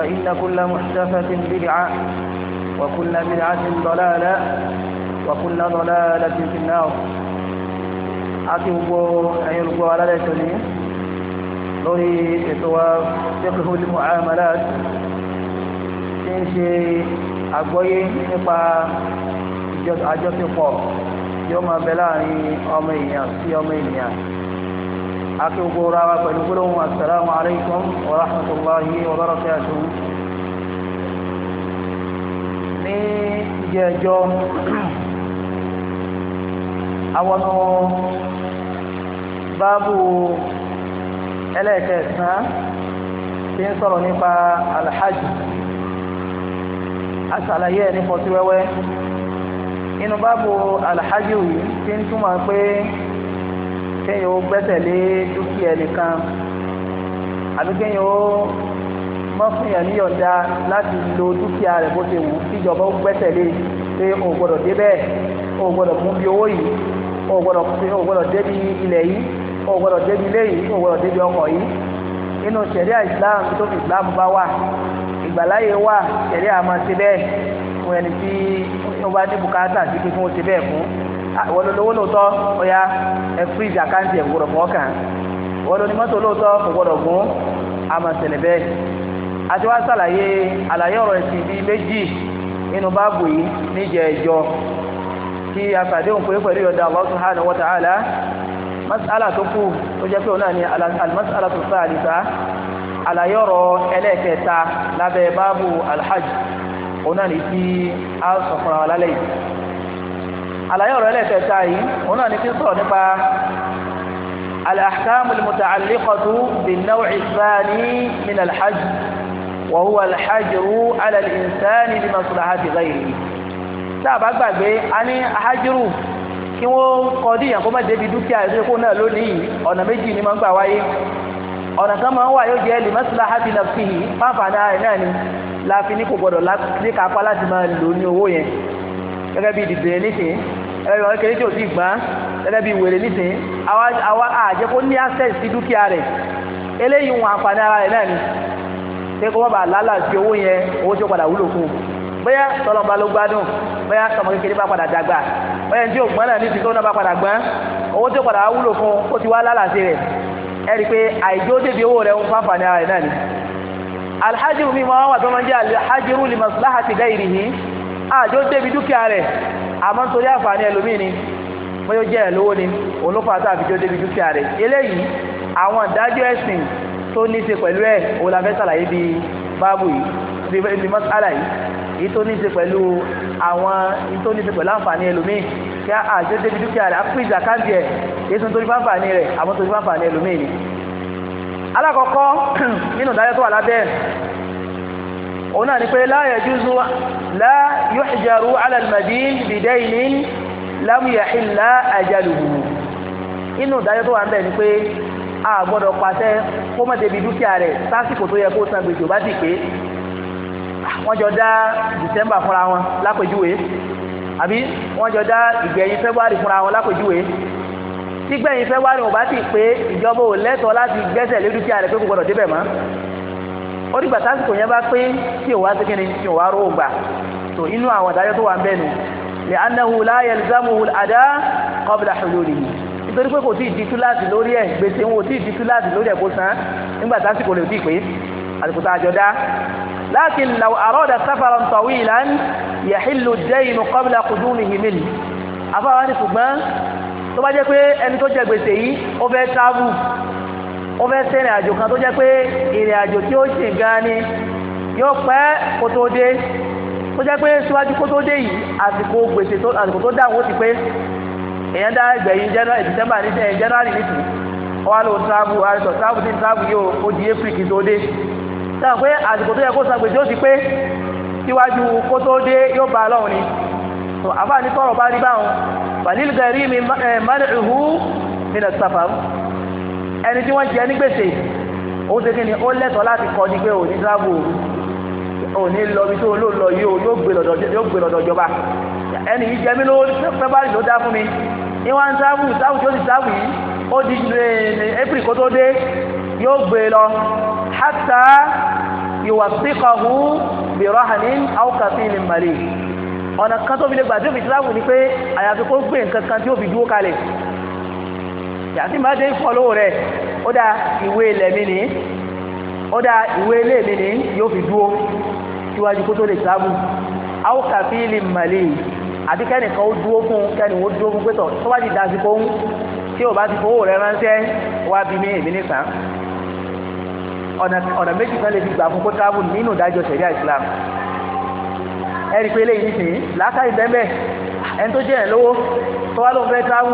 فإن كل محدثة بدعة وكل بدعة ضلالة وكل ضلالة في النار àti gbogbo ẹ̀yin olùgbọ́ alálẹ́sọ ní lórí ètò wa fiqhul mu'amalat tí ń ṣe àgbọ́yé nípa àjọṣepọ̀ tí ó máa bẹ láàrin ọmọ ènìyàn sí ọmọ ènìyàn àti gbogbo ra wa pẹ̀lú gbólóhùn assalamu عليكم ورحمة الله وبركاته ní ìjẹ́jọ́ àwọn báàbù ẹlẹ́ẹ̀kẹsàn-án tí ń sọ̀rọ̀ nípa alhaji aṣàlàyé ẹ̀ ní fọ́síwẹ́wẹ́ inú báàbù alhaji yìí tí ń túmọ̀ pé kéèyàn ó gbẹ́sẹ̀ lé dúkìá ẹnìkan àbí kéèyàn ó mọ́ fún yàn níyọ̀ǹda láti lo dúkìá rẹ̀ bó ṣe wù kíjọba ó gbẹ́sẹ̀lé pé o gbọ́dọ̀ dé bẹ́ẹ̀ o gbọ́dọ̀ mú bí owó yìí o gbọ́dọ̀ o gbọ́dọ̀ débi ilẹ̀ yìí o gbọ́dọ̀ débi ilé yìí o gbọ́dọ̀ débi ọkọ̀ yìí nínú sẹ̀ríà Islam tó fi Islam bá wà ìgbàláyé wà sẹ̀ríà máa ṣe bẹ́ẹ̀ fún ẹni tí wọ́n bá ní bùkátà sí pé kí wọ́n ṣe bẹ́ẹ̀ fún wọ́n lọ lówó lóòótọ́ ọ̀ya ẹ̀ fíríjì àkáǹtì ẹ̀ gbọ́dọ̀ fọ́ kàn wọ́n lọ ní mọ́tò lóòótọ́ kò gbọ́dọ̀ gún a máa ṣẹlẹ̀ bẹ́ẹ̀ àti wá sàlàyé àlàyé ọ̀rọ̀ ẹ̀sìn bíi méjì nínú báàbù yìí níjẹ̀ ẹ̀jọ kí afàdéhùn pé pẹ̀lú ìyọ̀dà Allah subhanahu wa ta'ala mas'ala tó kù tó jẹ́ pé òun náà ni al-mas'ala tó fẹ́ àdìsá àlàyé ọ̀rọ̀ ẹlẹ́ẹ̀kẹta lábẹ́ báàbù alhaj òun náà ni tí a sọ yìí àlàyé ọ̀rọ̀ ẹlẹ́ẹ̀kẹta yìí òun náà ni tí sọ̀rọ̀ nípa الأحكام المتعلقة بالنوع الثاني من الحج، وهو الحجر على الإنسان لمصلحة غيره tá a bá gbàgbé a ní hajiru kí wọ́n kọ́ díyàn kó má débi dúkìá ẹ̀sìn kó náà lónìí ọ̀nà méjì ni máa ń gbà wáyé ọ̀nà kan máa ń wà yóò jẹ́ limaslahati nafsihi fáfàdà rẹ̀ náà ni láàfin ní kò gbọ́dọ̀ ní kápá láti máa lò ní owó yẹn gẹ́gẹ́ bí ìdìbò yẹn nísìnyí ẹ̀rọ kékeré tí ò sí gbọ́n gẹ́gẹ́ bí wèrè nísìnyí àwa àjẹ́ kó ní access sí dúkìá rẹ̀ eléyìí wọn àǹfààní ara rẹ̀ náà ni pé kó wọ́n bá lálà sí owó yẹn owó tí ó padà wúlò fún un bóyá tọlọmọba ló gbádùn bóyá tọmọ kékeré bá padà dàgbà bóyá tí o, gbọ́n náà ní ti tó náà bá padà gbọ́n owó tí ó padà wúlò fún un ó ti wá lálà sí ẹ rí i pé àìjó débi owó ń ara náà ni Alhaji àmọ́ nítorí àǹfààní ẹlòmíì ni wọ́n yóò jẹ́ ẹ̀ lówó ni òun ló fàtà àbíjọ́ débi dúkìá rẹ̀ eléyìí àwọn ìdájọ́ ẹ̀sìn tó ní ṣe pẹ̀lú ẹ̀ òun la fẹ́ ṣàlàyé bíi báàbù yìí bíi mọ́sálà yìí èyí tó ní ṣe pẹ̀lú àwọn èyí tó ní ṣe pẹ̀lú àǹfààní ẹlòmíì kí àjọ débi dúkìá rẹ̀ àpò ìjà káńtì ẹ̀ èyí tó ń torí fáǹfààní rẹ̀ àmọ́ torí fáǹfààní ẹlòmíì ni. alákọ̀ọ́kọ́ òun náà ni pé la yajuzu la yuhjaru ala al-madin bidaynin lam yahilla ajaluhu inú ìdájọ́ tó wà ń bẹ̀ ni pé a gbọ́dọ̀ pàṣẹ kó má débi dúkìá rẹ̀ sásìkò tó yẹ kó san gbèsè bá ti pé wọ́n jọ dá December fúnra wọn lápèjúwe àbí wọ́n jọ dá ìgbẹ̀yìn February fúnra wọn lápèjúwe tígbẹ̀yìn February ò bá ti pé ìjọba ò lẹ́tọ̀ọ́ láti gbẹ́sẹ̀ lé dúkìá rẹ̀ pé kò gbọ́dọ̀ débẹ̀ mọ́ ó dìgbà tásìkò yẹn bá pé tí òwá sí kíni tí òwá rò gbà tó inú àwọn ìdájọ́ tó wà ń bẹ̀ nù lè anahu láyé zamuhu àdá kọ́bìlà ṣòlórí nítorí pé kò tí ì di túláàsì lórí ẹ̀ gbèsè wọn ò tí ì di túláàsì lórí ẹ̀ kó san nígbà tásìkò lè tí ì pé àsìkò tá a jọ dá lákin law àrọ́dà sáfàrà tawilan yàhílù dẹ́yìnù kọ́bìlà kùdúmì hìmìlì afáwọn ni ṣùgbọ́n tó bá jẹ́ pé ẹni tó jẹ gbèsè yìí ó fẹ́ ó fẹ́ ṣe ìrìn àjò kan tó jẹ́ pé ìrìn àjò tí ó jìn gan ni yóò pẹ́ kó tó dé tó jẹ́ pé síwájú kó tó dé yìí àsìkò gbèsè tó àsìkò tó dáhùn ó ti pé èèyàn dá ẹgbẹ̀yìn january eh, december ní sẹ́yìn january nìtù ọwọ́ ló travel àìsàn travel ní travel yóò ó di april kí tó dé sẹ́yìn pé àsìkò tó yẹ kó san gbèsè ó ti pé síwájú kó tó dé yóò bá lọ́hùn ni àbáà ní tọrọ bá rí báwọn balil gari mi eh, mani ihu mi na safaru ẹni tí wọ́n jẹ ní gbèsè ó ṣe kí ni ó lẹ́tọ̀ọ́ láti kọ́ ni pé òní travel òní lọ bí tó ló lọ yìí ó yóò gbé lọ́dọ̀ ìjọba ẹni yìí jẹ mí ló fẹ́bárì ló dá fún mi ìwọ̀n ń travel travel tí ó ti travel yìí ó di eh, april kó tó dé yóò gbé e lọ hátà ìwà síkọ̀hù bìrọ̀ hàní àwòkàfin ní màlè ọ̀nà kan tó fi lè gbà tí ó fi travel ni pé àyàfi kó gbé nǹkan kan tí ó fi dúró kalẹ̀ yàtí máa dé fún ọlọ́wọ́ rẹ̀ ó dá ìwé ilẹ̀ mi ní ó dá ìwé ilé mi ní yóò fi dúó síwájú kó tó lè sáàbù áwùkà fíìlì màlì àti kẹ́nìkan ó dúó fún kẹ́nìkan ó dúó fún pẹ́tọ̀ tó bá ti dàsí kó ń tí ò bá ti fowó rẹ̀ ránṣẹ́ wá bí mi èmi nìkan ọ̀nà méjì kan lè fi gbà fún kó sáàbù nínú ìdájọ́ ṣẹ̀ríà ìsìlámù ẹ̀rí pé eléyìí nìsín làákàyè bẹ́ẹ̀ ẹni tó jẹ́ ẹ̀ lówó tó wá ló ń fẹ́ táwù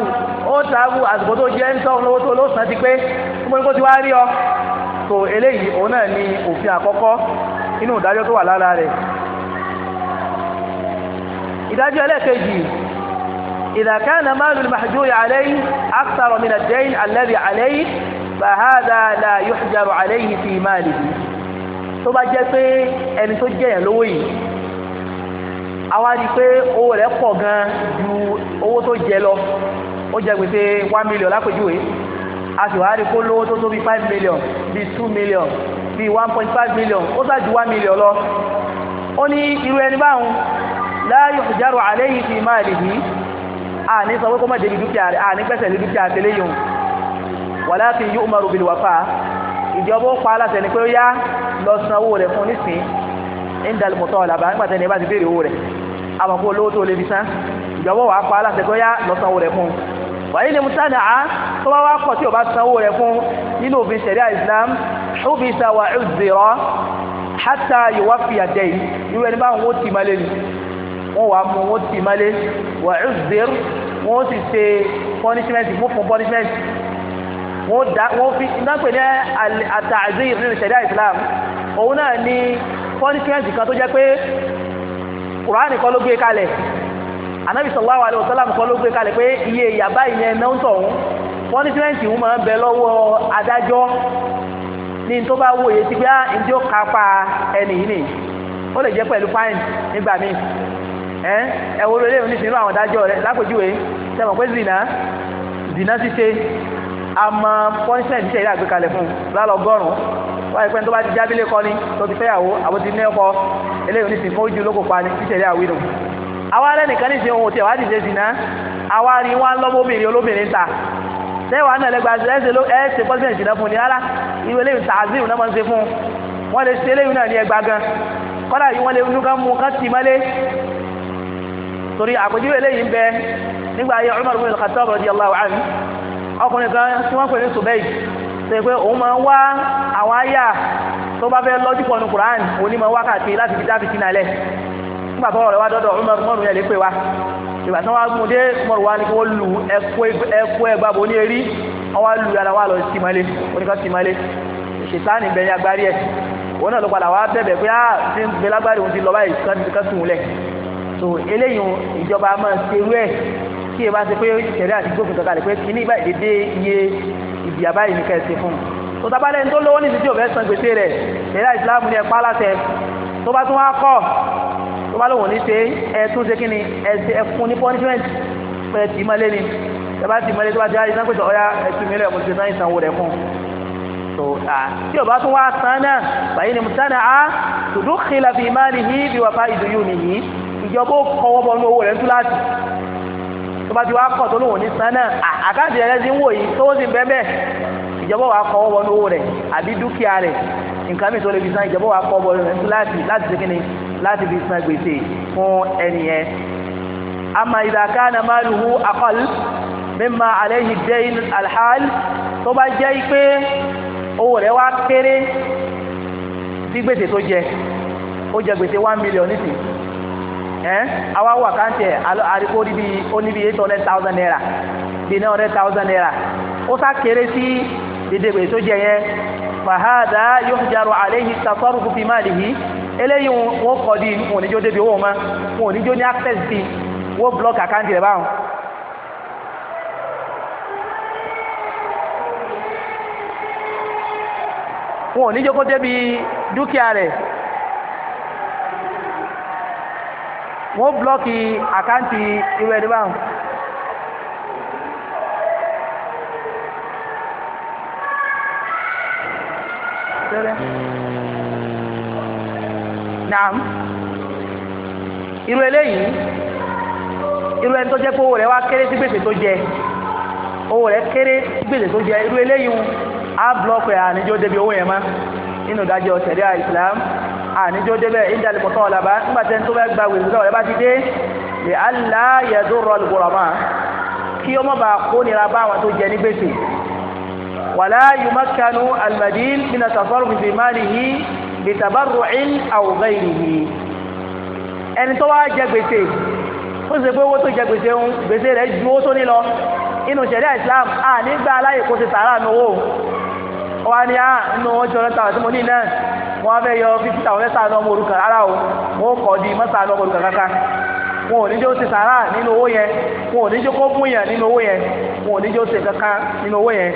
ó táwù àsìkò tó jẹ́ ń tọ́hún lówó tó lóòsàn ti pé kí mo ní kó ti wá rí ọ so eléyìí òun náà ni òfin àkọ́kọ́ inú ìdájọ́ tó wà lára rẹ̀ ìdájọ́ ẹlẹ́ẹ̀kejì إذا كان مال المحجور عليه أكثر من الدين الذي عليه فهذا لا يحجر عليه في ماله tó bá jẹ́ pé àwa rí i pé owó rẹ̀ pọ̀ gan ju owó tó jẹ lọ ó jẹ gbèsè one million lápèjúwe a sì wá rí i kó lówó tó tó bí five million bí two million bí one point five million ó sá ju one million lọ ó ní irú ẹni báwọn láàyò ìjárò àlẹ́ yìí fi máa lè yí àní sọ pé kó má débi dúkìá rẹ̀ àní gbẹ́sẹ̀ lé dúkìá tẹ́lẹ̀ yìí wàláàfin yóò máa rògbìlì wàfà ìjọba ó pa aláṣẹ ni pé ó yá lọ san owó rẹ̀ fún nísìnyí ń dalẹ̀ mọ̀tọ́ ọ̀làbà nígbà tẹ́ni bá ti béèrè owó rẹ̀ àmọ̀kó olówó tó lè fi san ìjọba wàá pa aláṣẹ tó yá lọ́sàn owó rẹ̀ fún na a, ni mùsànà á tó bá wá pọ̀ tí ò bá san owó rẹ̀ Islam ṣùgbọ́n ìṣà wà ẹ̀zẹ̀rọ̀ hátà yòówá fìyà jẹ yìí irú ẹni báwọn wọ́n ti máa lé ni wọ́n wàá mú wọ́n ti máa lé wà ẹ̀zẹ̀rọ̀ wọ́n sì ṣe punishment mú fún punishment wọ́n fi náà pè ní àtàzí ìrìn ṣẹ̀ríà Islam òun náà ní punishment kan tó jẹ́ pé kùránì kọ́ ló gbé kalẹ̀ anabi sallallahu alayhi wa sallam kọ́ ló gbé kalẹ̀ pé iye ìyàbá ìyẹn náà ń tọ̀hún punishment ń máa ń bẹ lọ́wọ́ adájọ́ ní tó bá wòye sí pé ah, ǹjẹ́ ó kápá ẹnì yìí nì ó lè jẹ́ pẹ̀lú nígbà míì àmọ́ pọ́ńṣẹ̀ ti ṣẹ̀dá àgbékalẹ̀ fún lálọ́gọ́rùn-ún wọ́n yẹ pé tó bá ti jábílé kọ́ ni tó ti fẹ́yàwó àbó ti ní ọkọ eléyìí ní sìnkó ojú olóko pa ni ti ṣẹ̀dá àwìn nù. àwa rẹ̀ nìkan ní ìsìn ohun tí ẹ̀ wá ti ṣe sìnà àwa rí wọn lọ́mọbìnrin olóbìnrin ta tẹ́wàá náà lẹ́gbàá ẹ̀ṣẹ̀ ló ẹ̀ ṣe pọ́sẹ̀ ìṣìnà fún ni rárá ìwé lẹ́yìn tààzìm náà máa ń ṣe fún wọ́n lè ṣe lẹ́yìn náà ní ẹgbàá gan kọ́dà yìí wọ́n lè nú kán mú kán tì mọ́lé torí àpèjúwe lẹ́yìn bẹ nígbà ayé Umar bin Khattab radiyallahu anhu ọkùnrin kan tí wọ́n pè ní subeg ṣe pé òun máa ń wá àwọn àyà tó bá fẹ́ lọ́jú pọnù Quran òun ní máa wá káàkiri láti fi dábì sí nàlẹ́ nígbà tó ọ̀rọ̀ wa dọ́dọ̀ Umar mọ́rù yẹn lè pè wá ìgbà tí wọ́n mú dé mọ́rù wa ni kí wọ́n lu ẹkú ẹgbà bò ní erí wọ́n wá lu ara wa lọ sí malé oníkan sí malé ṣètánì bẹ̀yìn agbárí ẹ̀ òun náà ló padà wá bẹ̀bẹ̀ pé á ah, ti ń gbé lágbárí òun ti lọ báyìí kan sùn lẹ̀ so eléyìí ìjọba máa ń ṣerú ẹ̀ tí ẹ bá ṣe pé ìṣẹ̀lẹ̀ àti gbófin kankan pé kí ní ìgbà ìdédé iye ìdìyà báyìí ní kẹ́ẹ̀sì fún un tó tá bá lẹ́ni tó lówó nídìí tí ò fẹ́ san gbèsè rẹ̀ ṣẹ̀lẹ̀ ìsìláàmù ni ẹ pa láṣẹ tó bá tún wá kọ̀ tó bá lòun ní ṣe ẹ tún ṣe kí ni ẹ ṣe ẹ fún ní punishment pé ẹ tì í mọ́lé ni ẹ bá tì í mọ́lé tó bá ti wá ìsan pèsè ọ̀yá ẹ tún mi lẹ̀ mo ti san ìsanwó rẹ̀ fún tí ò bá tún wá san náà báyìí ni mùsànà á tòdó xìlà fi máa nìyí bí wàá fa ìdòyún nìyí ìjọba ó kọwọ́ bọ́ nínú owó rẹ̀ ń tú láti tó bá ti wá kọ̀ tó lóun ní san náà àkáǹtì ẹ̀rẹ́ ti ń wò yìí tówó sì ń bẹ́ẹ̀ ìjọba wa kọ́ wọnú owó rẹ̀ àbí dúkìá rẹ̀ nǹkan mi tó lè fi san ìjọba wa kọ́ wọnú rẹ̀ láti láti ṣe kíni láti fi san gbèsè fún ẹni yẹn. àmọ́ ìdàkánná máa lù ú àkọ́l mímọ alẹ́ yìí jẹ́ alhal tó bá jẹ́ pé owó rẹ̀ wá kéré sí gbèsè tó jẹ ó jẹ gbèsè one million nísìnyí ẹ́ eh? àwa wà káńtì ẹ̀ àríkó níbi ó níbi naira bíi nine hundred thousand naira ó sá kéré sí dídègbè tó jẹ yẹn fi máa nìyí eléyìí wọn kọ́ di wọn ò ma wọn ni ní jó access sí wọn block àkáǹtì wọn ò wọ́n blọ́ọ̀kì àkáǹtì irú ẹni báwọn. naam irú eléyìí irú ẹni tó jẹ́ pé owó rẹ̀ wá kéré sí gbèsè tó jẹ owó rẹ̀ kéré sí gbèsè tó jẹ irú eléyìí á àníjó débi owó yẹn mọ́ nínú ìdájọ́ sẹ̀ríà ìsìlámù. àníjó débẹ̀ indal mutalaba nígbà tẹ́ tó bẹ́ gba wèrè lọ́wọ́ ẹ bá ti dé lè àlá yadurru al-ghurama kí ọmọ bá kó nira bá àwọn tó jẹ ní gbèsè wàlá yumakkanu al-madin min at-tasarruf fi malihi bi tabarru'in aw ghayrihi ẹni tó wá jẹ gbèsè tó ṣe owó tó jẹ gbèsè ń gbèsè rẹ̀ ju owó tó ní lọ inú ṣẹ̀ríà Islam à nígbà aláyè kó ti tààrà nù owó wa ni ní ah, wọ́n fẹ́ yọ fífi tàwọn fẹ́ sàánú ọmọ òrukàn rárá o wọ́n kọ́ di mọ́sàánú ọmọ òrukàn kankan wọn ò ní jẹ́ ó ṣe sàárà nínú owó yẹn wọn ò ní jẹ́ kó fún yẹn nínú owó yẹn wọn ò ní jẹ́ ó ṣe kankan nínú owó yẹn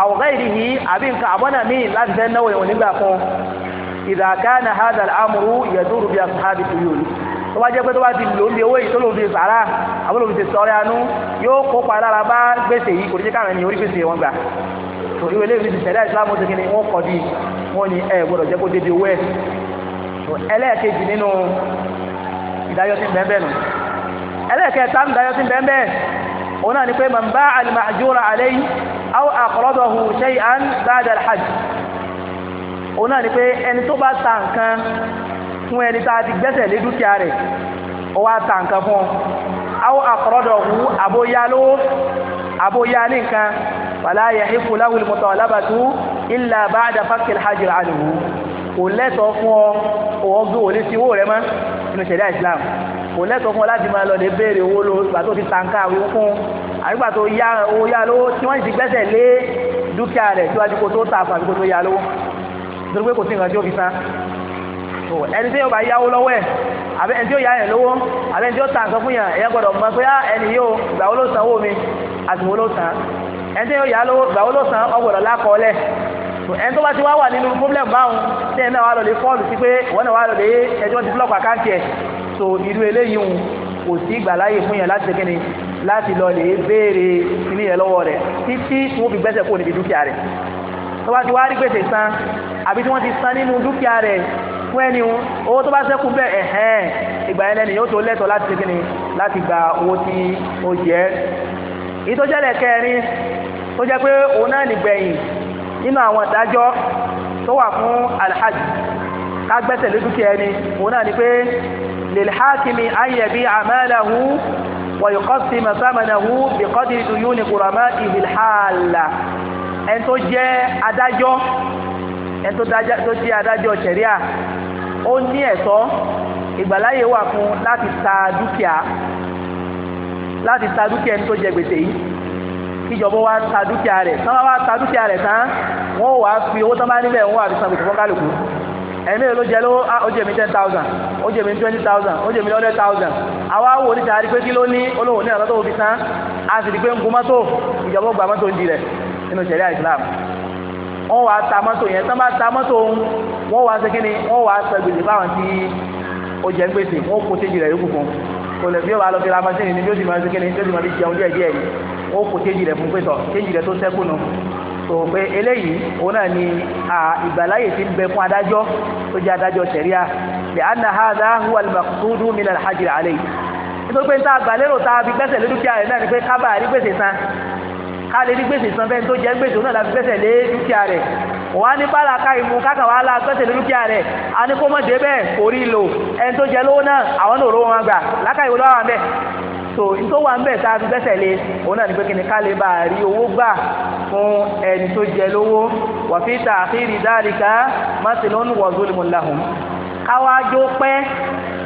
àwọn ọ̀gá ìdí yìí àbí nǹkan àbọ̀nà míì láti fẹ́ náwó yẹn ò ní gbà fún un ìdàká na hadà amúrú yẹ̀dúrú bí asáábì tó yòlù tó bá jẹ́ pé tó bá ti lò ń bi owó yìí tó lòun fi sàárà àbúrò fi sọ̀rọ̀ àánú yóò kópa lára bá gbèsè yìí kò tó ìwé ilé ìrìn ìṣẹ̀dá ìsìlámù ti kíni wọ́n kọ́ di wọ́n ní ẹ gbọ́dọ̀ jẹ́ kó débi owó ẹ̀ tó ẹlẹ́ẹ̀kejì nínú ìdájọ́ ti bẹ́ẹ̀ bẹ́ẹ̀ nù ẹlẹ́ẹ̀kẹta ìdájọ́ ti bẹ́ẹ̀ bẹ́ẹ̀ òun náà ni pé man ba'a al-ma'jura alayhi aw aqradahu shay'an ba'da al-hajj òun náà ni pé ẹni tó bá ta nǹkan fún ẹni tá a ti gbẹ́sẹ̀ lé dúkìá rẹ̀ ó wá ta nǹkan fún ọ aw aqradahu àbóyá lówó àbóyá ní nǹkan fàlá yahiqu lahu al-mutalabatu illa ba'da fakil hajir anhu kò lẹ́tọ̀ fún ọ òun gbé wòlé sí owó rẹ mọ́ nínú ṣẹ̀dá islam kò lẹ́tọ̀ fún ọ láti máa lọ lè béèrè owó lọ ìgbà tó ti tànká àwọn ìwúkún àgbà tó yá owó yá lówó tí wọ́n ti gbẹ́sẹ̀ lé dúkìá rẹ̀ síwájú kó tó tà fún àbíkó tó yá lówó nítorí pé kò sí nǹkan tí san ẹni tí yóò bá yáwó lọ́wọ́ ẹ̀ àbẹ́ ẹni tí yóò yá ẹ̀ lówó àbẹ́ ẹni tí yóò tà nǹkan fún yàn ẹ̀yẹ́ gbọ́dọ̀ mọ̀ pé ah, ẹni yóò ìgbà wo ló san owó mi àti wo ló san ẹni yóò yá lówó gbà ó ló san ọgbọ̀dọ̀ lákọọ́lẹ̀ ẹni tó bá ti wá wà nínú problem báwọn tí ẹni náà wà lọ́lẹ̀ fọ́ọ̀lù sí pé wọ́n náà wà lọ́lẹ̀ ẹjọ́ ti blọ́ọ̀kì àkáǹtì ẹ̀ so irú eléyìí hùn kò sí ìgbàláyè fún yẹn láti ṣe láti lọ lè béèrè kíní yẹn lọ́wọ́ rẹ̀ títí wọ́n fi gbẹ́sẹ̀ kó níbi dúkìá rẹ̀ tó bá ti wá rí gbèsè san àbí tí wọ́n ti san nínú dúkìá rẹ̀ fún ẹni owó tó bá ṣẹ́kù bẹ́ẹ̀ ẹ̀hẹ́n ìgbà yẹn lẹ́nu yóò tó lẹ́tọ̀ láti ṣe kíní láti gba owó tí ó jẹ́ ìtọ́jẹ́lẹ̀ kẹrin tó jẹ́ pé òun náà nìgbẹ̀yìn nínú àwọn ìdájọ́ tó wà fún alhaj ká gbẹ́sẹ̀ lé dúkìá ẹni òun náà ni pé lilhakimi ayẹbi amalahu wọ̀yọ̀kọ́sí mẹ́sàmẹ́nahu bìkọ́dì ìdúyúni kùrọ̀mọ́ ìhìlhàlà ẹni tó jẹ́ adájọ́ ẹni tó jẹ́ adájọ́ ṣẹ̀ríà ó ní ẹ̀tọ́ ìgbàláyè wà fún láti ta dúkìá láti ta dúkìá ẹni tó jẹ gbèsè yìí kíjọba wa ta dúkìá rẹ̀ táwọn wa ta dúkìá rẹ̀ tán wọ́n wàá fi owó tán bá nílẹ̀ wọ́n wàá fi san gbèsè fún kálukú ẹ̀mí ló jẹ́ lówó ah, ó jẹ́ mi ten thousand ó jẹ́ mi twenty thousand ó jẹ́ mi hundred thousand àwa wò ní tàbí pé kí ló ní olówó ní àtọ́tò òfin tán a sì di pé ń gun mọ́tò ìjọba ó gba mọ́tò ń di rẹ̀ nínú sẹ̀ríà Islam wọ́n wàá ta mọ́tò yẹn tán ta mọ́tò wọ́n wàá ṣe kí ni wọ́n fáwọn tí ó jẹ́ gbèsè wọ́n kó kò lè bí ó wà lọ fi ra machine ni bí ó sì máa ṣe kíni bí ó sì máa fi jẹun díẹ̀ díẹ̀ yìí ó kò kéjì rẹ̀ fún pé tọ̀ kéjì rẹ̀ tó sẹ́kù nù tó pé eléyìí òun náà ni ìgbàláyè ti ń bẹ fún adájọ́ tó jẹ́ adájọ́ ṣẹ̀ríà lè anna hadha huwa al-maqsudu min al-hajr alayhi nítorí pé níta àgbàlérò tá fi gbẹ́sẹ̀ lé dúkìá rẹ̀ náà ni pé kábàárì gbèsè san ká lè rí gbèsè san bẹ́ẹ̀ tó jẹ́ gbèsè òun náà la fi gbẹ́sẹ̀ lé dúkìá rẹ̀ wọ́n á ní bálàkà ìmú kákan wà lá gbẹ́sẹ̀ lórí dúkìá rẹ̀ a ní kó mọ̀ dé bẹ́ẹ̀ kò rí lò ẹni tó jẹ lówó náà àwọn náà rówó wọn gbà lákà ìwé lọ́wọ́ bẹ́ẹ̀ so n tó wà ń bẹ̀ tá a fi gbẹ́sẹ̀ lé òun náà ní pé kíni ká lè bá a rí owó gbà fún ẹni tó jẹ lówó wàfi tààkìrì dáríkà mọ́tìlún wọ̀zúlùmùláhùn káwájú pẹ́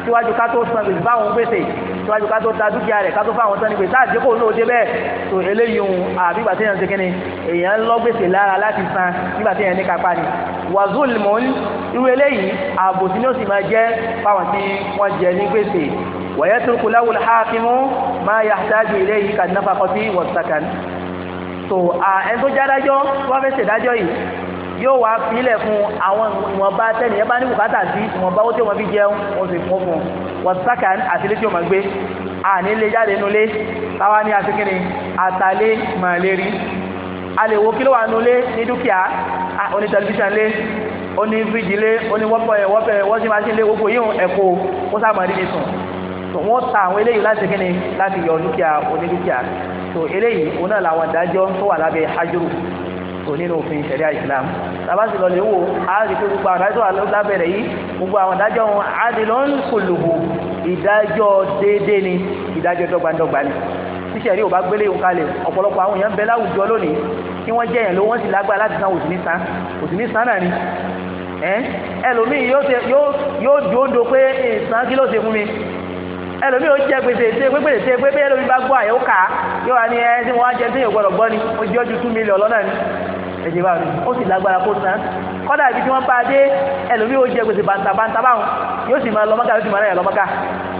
síwájú ká tó san gbèsè báwọn gbèsè síwájú ká tó ta dúkìá rẹ̀ ká tó fáwọn tán ni pé táà dẹ́kọ̀ náà dé bẹ́ẹ̀ tó eléyìí ohun àbí ìgbà téèyàn ṣe kíni èèyàn ń lọ gbèsè lára láti san nígbà téèyàn ní kápá ni wàzúù mọ̀ ń irú eléyìí àbòsí ni ó sì máa jẹ́ fáwọn tí wọ́n jẹ ní gbèsè wayatruku lahu al-hakimu ma yahtaju ilayhi kan-nafaqati was-sakan so ẹni tó jádájọ́ wọ́n fẹ́ ṣèdájọ́ yìí yóò wá filẹ̀ fún àwọn ìwọ̀nba tẹ́lẹ̀ yẹn bá ní bùkátà sí ìwọ̀nba owó tí wọ́n fi jẹun wọ́n sì fún fún wọ́n sákà àtìlé tí wọ́n gbé àní lè jáde nulé táwa ní asikiri àtàlé màlérí a lè wo kíló wà nulé ní dúkìá oní tẹlifíṣàn lé oní fíjì lé oní wọ́pẹ̀ wọ́pẹ̀ wọ́sí maṣín lé gbogbo yíyún ẹ̀kọ́ kó sáà màrí ní sùn tó wọ́n ta àwọn eléyìí láti kíni láti yọ dúkìá oní dúkìá tó eléyìí òun náà làwọn ìdájọ́ tó wà lábẹ́ hajjuru tó nínú òfin ìṣẹ̀lẹ̀ islam tabasi lọ lè wò á rí pé gbogbo àdájọ́ alábẹ̀rẹ̀ yìí gbogbo àwọn àdájọ́ wọn adilon kuluhu ìdájọ́ déédéé ni ìdájọ́ dọ́gbandọ́gba ni tíṣẹ̀rí ò bá gbélé òun kalẹ̀ ọ̀pọ̀lọpọ̀ àwọn èèyàn ń bẹ láwùjọ lónìí kí wọ́n jẹ́ èèyàn ló wọ́n sì lágbára láti san òsì ní san òsì ní san náà ni ẹlòmíì yóò dòdò pé ìsan kí ló ṣe fún mi ẹlòmíì yóò jẹ gbèsè ṣe pé gbèsè ṣe pé bí ẹlòmíì bá gbọ́ àyẹ̀wò kà yóò wá ní ẹ tí wọ́n á jẹ tí yóò gbọ́dọ̀ gbọ́ ni ó jẹ́ ju two million lọ́nà ni ẹ̀jẹ̀ bá rí ó sì lágbára kó san kọ́dà ibi tí wọ́n bá dé ẹlòmíì ó jẹ gbèsè bàǹtàbàǹtà báwọn yóò sì máa lọ́mọ́ká yóò sì máa rẹ̀ lọ́mọ́ká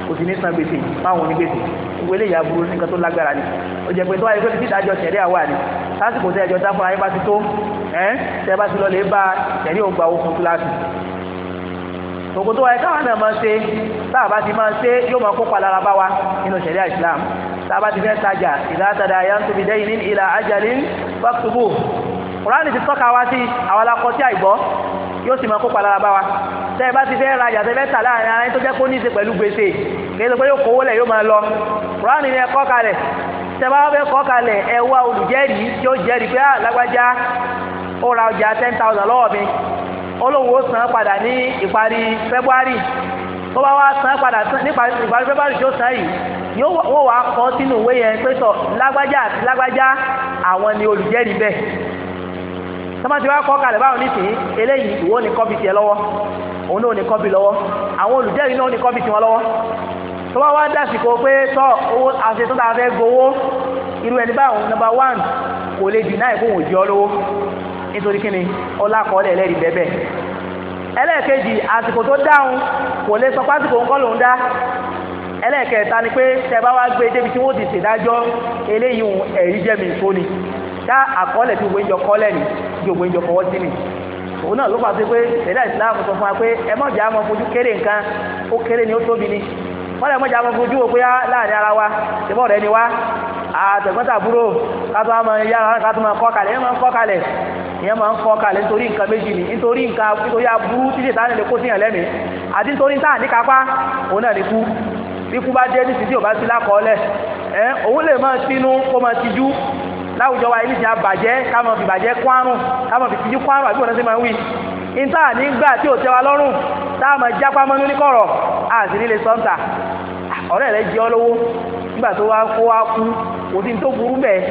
kò sì ní san gbèsè báwọn onígbèsè gbogbo eléyà burú nǹkan tó lágbára ni ó jẹ pé tó wáyé pé títí ìdájọ́ sẹ̀rí àwa ni lásìkò tẹ́ ẹjọ́ sáfún ayé bá ti tó ẹ́ tẹ́ bá ti lọ lè bá sẹ̀rí ògbà òkun kíláàsì ògùn tó wáyé káwọn náà máa ṣe táàbá ti máa ṣe yóò máa kópa lára bá wa nínú sẹ̀ríà Islam táàbá ti fẹ́ tajà ìlàtàdà yàtúbìdẹ́yìn ní ìlà ajalin faktubu kùránì ti tọ́ka wá sí àwọn alakọ tí àìgbọ́ yóò sì máa kópa lára bá wa tẹ́ ẹ bá ti fẹ́ ra ìyàtọ̀ ẹ fẹ́ tà láàrin ara yín tó jẹ́ kó ní í ṣe pẹ̀lú gbèsè kì í ṣe pé yóò kówó lẹ̀ yóò máa lọ kùránì ni ẹ kọ́ kalẹ̀ tẹ́ bá fẹ́ kọ́ kalẹ̀ ẹ wá olùjẹ́rìí tí ó jẹ́rìí pé lágbájá ó ra ọjà ten thousand lọ́wọ́ mi olówó san padà ní ìparí February tó bá wá san padà nípa February tó san yìí yóò wọ́n kọ́ sínú ìwé yẹn pé sọ lágbájá àti lágbájá àwọn ni olùjẹ́rìí bẹ́ẹ̀ tọ́mọ́ ti wá kọ́ kalẹ̀ báwọn nísìnyí eléyìí ìwọ ní kọ́bì tiẹ̀ lọ́wọ́ òun náà ní kọ́bì lọ́wọ́ àwọn olùjẹ́rìí náà ní kọ́bì tiwọn lọ́wọ́ tọ́wọ́ wá dásìkò pé tọ́ owó àṣẹ tó ta fẹ́ gbowó irú ẹni báwọn nọ́mbà one kò lè dì náà ìkóhùn jọ lówó nítorí kíni ọlá kọ́lẹ̀ ẹlẹ́rìí bẹ́ẹ̀ ẹlẹ́ẹ̀kejì àsìkò tó dáhùn kò lè sọ pásìkò ńkọ́ lòún dá ẹlẹ́ẹ̀kẹta ni pé tẹ bá wá gbé débi tí wọ́n ti ṣèdájọ́ eléyìí ẹ̀rí jẹ́mi ìfóni ṣá àkọọ́lẹ̀ tí gbogbo kọ́lẹ̀ ni bí gbogbo ìjọ fọwọ́ sí mi òun náà ló fà sí pé ṣẹlẹ ìsìláàmù sọ fún wa pé ẹ mọ̀jà á fojú kéré nǹkan ó kéré ni ó tóbi ni wọ́n lè mọ̀jà á fojú wò pé láàrin ara wa ṣèbọ̀ rẹ ni wá àtẹ̀gbọ́ntàbúrò kátó máa yára kátó máa kọ́ kalẹ̀ ẹ máa ń kọ́ kalẹ̀ ìyẹn máa ń kọ́ kalẹ̀ nítorí nǹkan méjì ni nítorí nǹkan nítorí aburú títí kó àti nítorí kápá òun náà ní kú bá láwùjọ wa ilé ìsìn àbàjẹ́ kámọ̀ fi bàjẹ́ kwárùn kámọ̀ fi tìjú kwárùn àbí wọ́n ṣe máa ń wí níta nígbà tí ò tẹ́ wa lọ́rùn táàmù jápá mọ́nú ní kọ̀rọ̀ àti nílé sọ́ńtà ọ̀rẹ́ rẹ̀ jẹ́ olówó nígbà tó wá kó wá kú kò sí tó burú bẹ́ẹ̀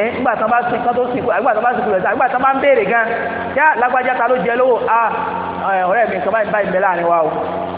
ẹ̀ nígbà tó bá sìn kán tó sìn kú nígbà tó bá sìn kú rẹ̀ sá nígbà tó bá ń béèrè gan yá lágbájá ta ló jẹ lówó ah, ọ̀rẹ́ mi nǹkan báyìí báyìí bẹ́ẹ̀ láàrin wa o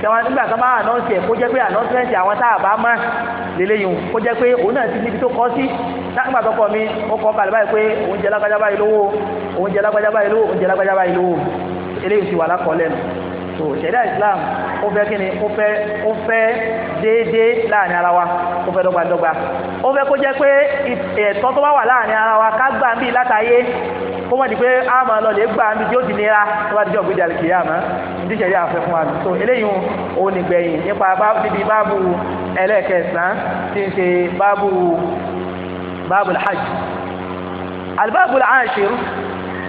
kẹwọn nígbà kan bá ànọ́ọ̀sì ẹ̀ kó jẹ́ pé ànọ́ọ̀sìmẹ̀ntì àwọn tá a bá mọ̀ lélẹ́yìn kó jẹ́ pé òun náà ti níbi tó kọ́ sí nígbà tó kọ́ mi ó kọ́ kalẹ̀ báyìí pé òun jẹ́ lágbájá báyìí lówó òun jẹ́ lágbájá báyìí lówó òun jẹ́ lágbájá báyìí lówó eléyìí ti wà lákọ̀ọ́lẹ̀ nù so ṣẹ̀dá islam ó fẹ́ kíni ó fẹ́ ó fẹ́ déédéé láàrin ara wa ó fẹ́ dọ́gbadọ́gba ó fẹ́ kó jẹ́ pé ẹ̀tọ́ tó bá wà láàrin ara wa ká gbà ń bí látàyé kó mọ̀ di pé a máa lọ lè gbà ń bí tí ó di nira tó bá dijọ́ gbéjà kìí àmọ́ ní ṣẹ̀dá àfẹ́ fún wa tó eléyìí òun nìgbẹ̀yìn nípa báàbù ẹlẹ́ẹ̀kẹsàn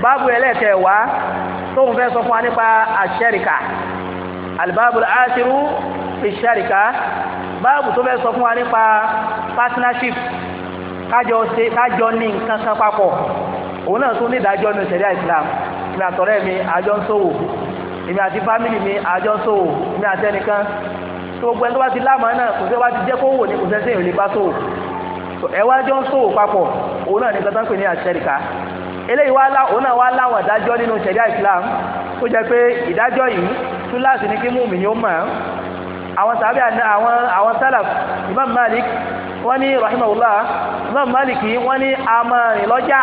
báàbù ẹlẹ́kẹ̀ẹ́wá tóun fẹ́ sọ fún wa nípa àṣẹríkà alibáàbù àṣírú ìṣẹríkà báàbù tó fẹ́ sọ fún wa nípa partnership kájọ ṣe kájọ ní nǹkan kan papọ̀ òun náà tún ní ìdájọ́ ní ìṣẹ̀lẹ̀ Islam ìmì àtọ̀rẹ́ mi àjọ ń ṣòwò ìmì àti fámìlì mi àjọ ń ṣòwò ìmì àtẹnìkan tó gbogbo ẹni tó bá ti láàmú náà kò sí ẹ bá ti jẹ́ kó wò ní kò sẹ́sẹ́ ìrìlẹ̀ bá ṣòwò ẹ wá jọ ń ṣòwò papọ̀ òun náà ní nǹkan tó ń pè ní àṣẹríkà eléyìí wá lá òun náà wá láwọn ìdájọ́ nínú ṣẹ̀ríà Islam tó jẹ́ pé ìdájọ́ yìí túláàsì ní kí mùmí yóò mọ̀ àwọn sàbẹ̀ àwọn àwọn sálàf Imam Malik wọ́n ní rahimahullah Imam Malik wọ́n ní amọ̀rin lọ́jà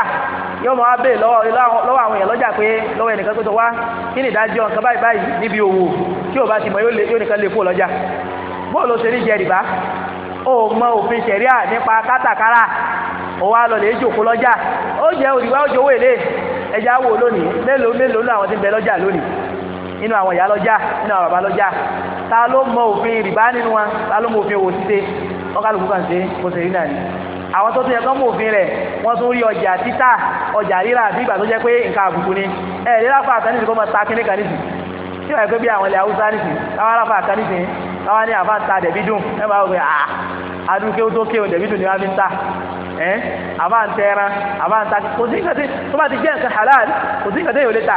yóò máa bè lọ́wọ́ àwọn èèyàn lọ́jà pé lọ́wọ́ ẹnìkan tó tó wá kí ni ìdájọ́ nǹkan báyìí báyìí níbi òwò tí ò bá ti mọ̀ yóò nìkan lè kó lọ́jà bọ́ọ̀lù ó ṣe ní jẹ rìbá ó mọ òfin ṣẹ̀ríà nípa kátàkárà ọwọ́ àlọ́ lè jòkó lọ́jà ó jẹ́ òdìgbà ó jowó èlé ẹja wò lónìí mélòó mélòó ní àwọn tí ń bẹ lọ́jà lónìí nínú àwọn ìyá lọ́jà nínú àwọn bàbá ta ló mọ òfin rìbá nínú wa ta ló mọ òfin òwò títẹ ọkàlùkù kan rí àwọn rẹ wọn ọjà títà ọjà rírà bí ìgbà tó jẹ pé nǹkan àbùkù ni ta adúgbò tó kéwọn dẹ̀bídùn ni wọ́n fi ń ta ẹ́ àbá ń tẹ́ran àbá ń ta kò sí nǹkan tí tó bá ti jẹ́ nǹkan halal kò sí nǹkan yóò lè ta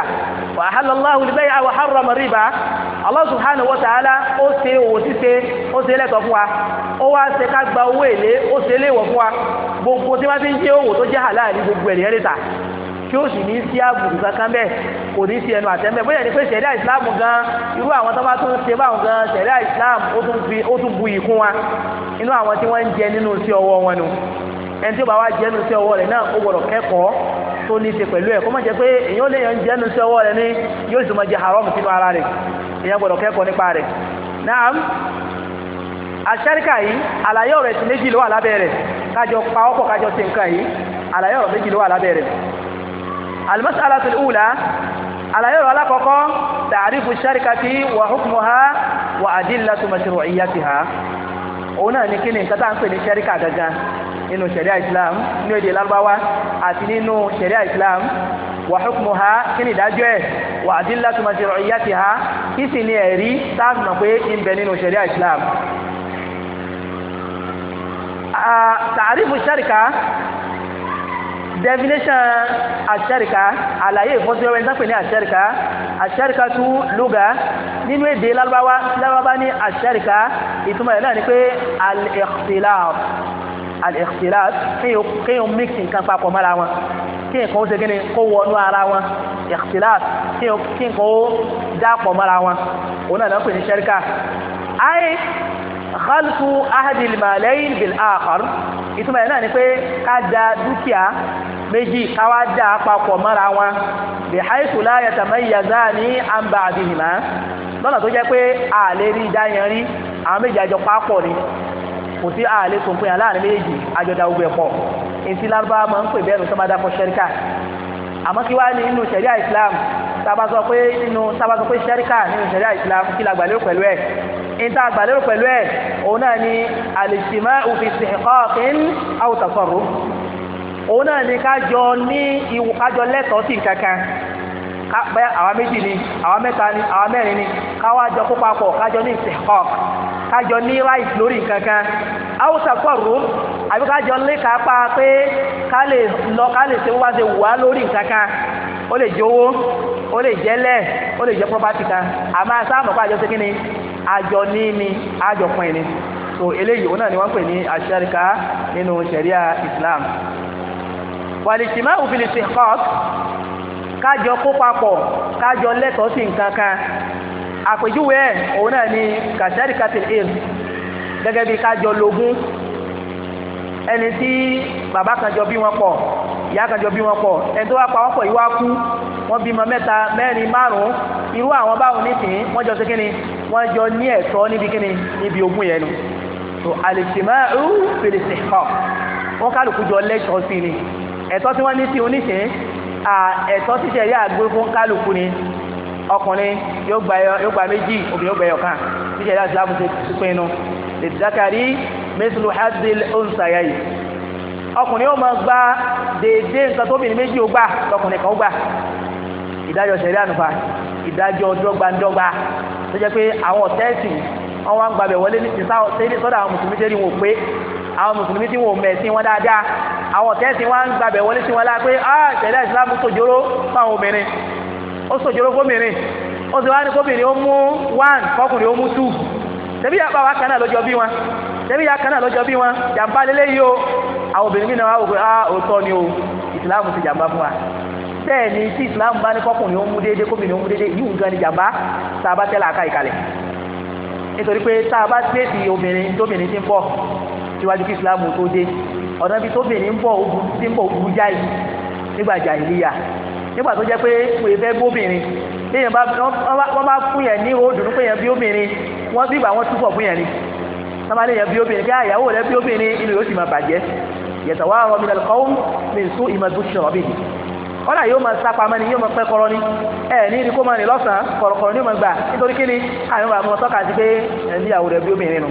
wa ahalla Allahu al-bay'a wa harrama ar-riba Allah subhanahu wa ta'ala ó ṣe òwò ṣíṣe ó ṣe lẹ́tọ̀ọ́ fún wa ó wá ṣe ká gba owó èlé ó ṣe léèwọ̀ fún wa gbogbo tí wọ́n ti ń jẹ́ òwò tó jẹ́ halal gbogbo ẹ̀ tí ó sì ní sí àbùkù kankan bẹ́ẹ̀ kò ní sí ẹnu àtẹ́mbẹ́ bóyá ni pé sẹ̀ríà islam gan irú àwọn tó bá tún ṣe báwọn gan sẹ̀ríà islam ó tún bu ìkún wa inú àwọn tí wọ́n ń jẹ nínú sí ọwọ́ wọn nù ẹni tí ó bá wá jẹ nínú sí ọwọ́ rẹ̀ náà ó gbọ́dọ̀ kẹ́kọ̀ọ́ tó ní ṣe pẹ̀lú ẹ̀ kó má jẹ́ pé èyàn lè haram ara rẹ̀ èyàn gbọ́dọ̀ kẹ́kọ̀ọ́ nípa rẹ̀ yìí àlàyé ọ̀rọ̀ ẹ̀sìn المسألة الأولى على يرى لقق تعريف الشركة وحكمها وأدلة مشروعيتها هنا نكين كتان في الشركة جدا إنه شريعة الإسلام إنه يدي الأربعة إنه شريعة إسلام وحكمها كني داجوه وأدلة مشروعيتها كسيني أري تاك نقوي إن بنينه شريعة الإسلام تعريف الشركة definition àṣẹ́ríkà àlàyé ìfọ́síwẹ́wẹ́ ní sápẹ̀ ní àṣẹ́ríkà àṣẹ́ríkà tú lúgà nínú èdè lárúbáwá lárúbáwá ní àṣẹ́ríkà ìtumọ̀ ẹ̀ náà ni pé al-ikhtilaf al-ikhtilaf kéèyàn mix nǹkan papọ̀ mọ́ra wọn kéèyàn kan ó ṣe kíni kó wọnú ara wọn ikhtilaf kéèyàn kan ó dápọ̀ mọ́ra wọn òun náà náà pè ní ṣẹ́ríkà ay khalqu ahadil malayn ìtumọ̀ ẹ̀ náà ni pé ká da dúkìá méjì ká wá da papọ̀ mọ́ra wọn bi haythu la yatamayyazani an ba'dihima lọ́nà tó jẹ́ pé àlè rí dáyẹn rí àwọn méjì àjọ papọ̀ ni kò sí àlè tó ń pè yàn láàrin méjì àjọ da pọ̀ ètí lárúbáwá máa ń pè bẹ́ẹ̀ ní sọ́mádà fún ṣẹ́ríkà àmọ́ kí wá ní inú ṣẹ̀ríà islam tába sọ pé inú tába sọ pé ṣẹ́ríkà nínú ṣẹ̀ríà islam kí la gbàlérò pẹ̀lú ẹ̀ níta gbàlérò pẹ̀lú ẹ̀ òun náà ni al-ijtima'u fi istihqaqin aw òun náà ni kájọ ní ìwò kájọ lẹ́tọ̀ọ́ sí nǹkan bẹ́ àwa méjì ni àwa mẹ́ta ni àwa mẹ́rin ni káwá jọ kó papọ̀ kájọ ní ìsìnkọ́ kájọ ní right lórí nǹkan kan haúsá pọ̀ rò àbí kájọ ní kápá pé ká lè lọ ká lè ṣe wá ṣe wà lórí nǹkan kan ó lè jẹ owó ó lè jẹ ó lè jẹ property kan àmọ́ sáàmù pàjọ sí kíni àjọ ní ni àjọ pin ni so eléyìí òun náà ni wọ́n pè ní àṣẹríkà nínú ṣẹ̀ríà Islam wàlìtìmáwù fi lè kájọ kó papọ̀ kájọ lẹ́tọ̀ọ́ sí nǹkan kan ẹ̀ òun náà ni kàṣẹ́rì kàṣẹ́rì air gẹ́gẹ́ bí kájọ lógún ẹni tí bàbá kan jọ bí wọn pọ̀ ìyá kan jọ bí wọn pọ̀ ẹni tó wá pa wọn pọ̀ yìí wá kú wọn bímọ mẹ́ta mẹ́rin márùn-ún irú àwọn báwọn nìsín wọn jọ sí kíni wọn jọ ní ẹ̀tọ́ níbi kíni níbi ogún yẹn nu tó àlèsìmọ́ ẹ̀rú fèrèsè kọ́ wọn kálukú jọ lẹ́tọ̀ọ́ sí ni ẹ̀tọ́ tí wọ́n ní sí oníṣẹ́ a ẹ̀tọ́ tíṣẹ̀ yà gbé fún kálukú ni ọkùnrin yóò gba méjì obìnrin yóò gba ẹ̀yọ̀kan tíṣẹ̀ yà sílámù ti pinnu lèdìdákàrí mẹ́sìlú hadil onsayayi ọkùnrin yóò máa gba déédéé nǹkan tóbìnrin méjì ó gbà lọkùnrin kan ó gbà ìdájọ́ ṣẹ̀ríà nùfà ìdájọ́ dọ́gbandọ́gba tó jẹ́ pé àwọn ọ̀tẹ́ẹ̀sì wọn wá ń gbàbẹ̀ wọlé ní sọ́dọ̀ àwọn mùsùlùmí àwọn mùsùlùmí tí wọn ò mẹ̀sìn wọn dáadáa àwọn ọ̀tẹ́ tí wọ́n ń gbàbẹ̀ wọlé sí wọn láà pé ah tẹ̀lé ìsìlámù sòjóró fáwọn obìnrin ó sòjóró gómìnrin ó sì wá ní gómìnrin ó mú one fọkùnrin ó mú two tẹ̀bí yàpá wa kanáà lọ́jọ́ bí wọn tẹ̀bí yà kanáà lọ́jọ́ bí wọn jàǹbá lélẹ́ yìí o àwọn obìnrin mi náà wá wò pé ah òótọ́ ni o ìsìlámù ti jàǹbá fún wa bẹ́ẹ̀ ni tí ìsìlámù bá ní fọkùnrin ó mú déédéé gómìnrin ó mú déédéé yìí nǹkan ni jàǹbá tá a bá tẹ́lẹ̀ àká ìkàlẹ̀ nítorí pé tá a bá tẹ́sí obìnrin tóbìnrin ti ń bọ̀ síwájú kí islam tó dé ọ̀nà ibi tó bìnrin ń bọ̀ tí ń bọ̀ burú jáì nígbà jàìlíyà nígbà tó jẹ́ pé pé fẹ́ gbóbìnrin léèyàn bá wọ́n bá fún yẹn ní òdùnú pé yẹn bí obìnrin wọ́n bí ìgbà wọ́n túbọ̀ fún yẹn ni wọ́n bá léèyàn bí obìnrin kí àyàwó ah, rẹ̀ bí obìnrin inú yóò sì máa bàjẹ́ yẹ̀tọ̀ wá ọmọ ìlànà kan lè sún ìmọ̀tò ṣe ọ̀bì ni kọ́dà yóò máa sá pamọ́ ni yóò máa pẹ́ kọ́rọ́ ni ẹ̀ ní ní kó máa rìn lọ́sàn-án kọ̀rọ̀kọ̀rọ̀ ni yóò máa gbà nítorí kí ni àwọn àmọ́ tọ́ka sí pé ẹ̀ níyàwó rẹ̀ bí obìnrin nù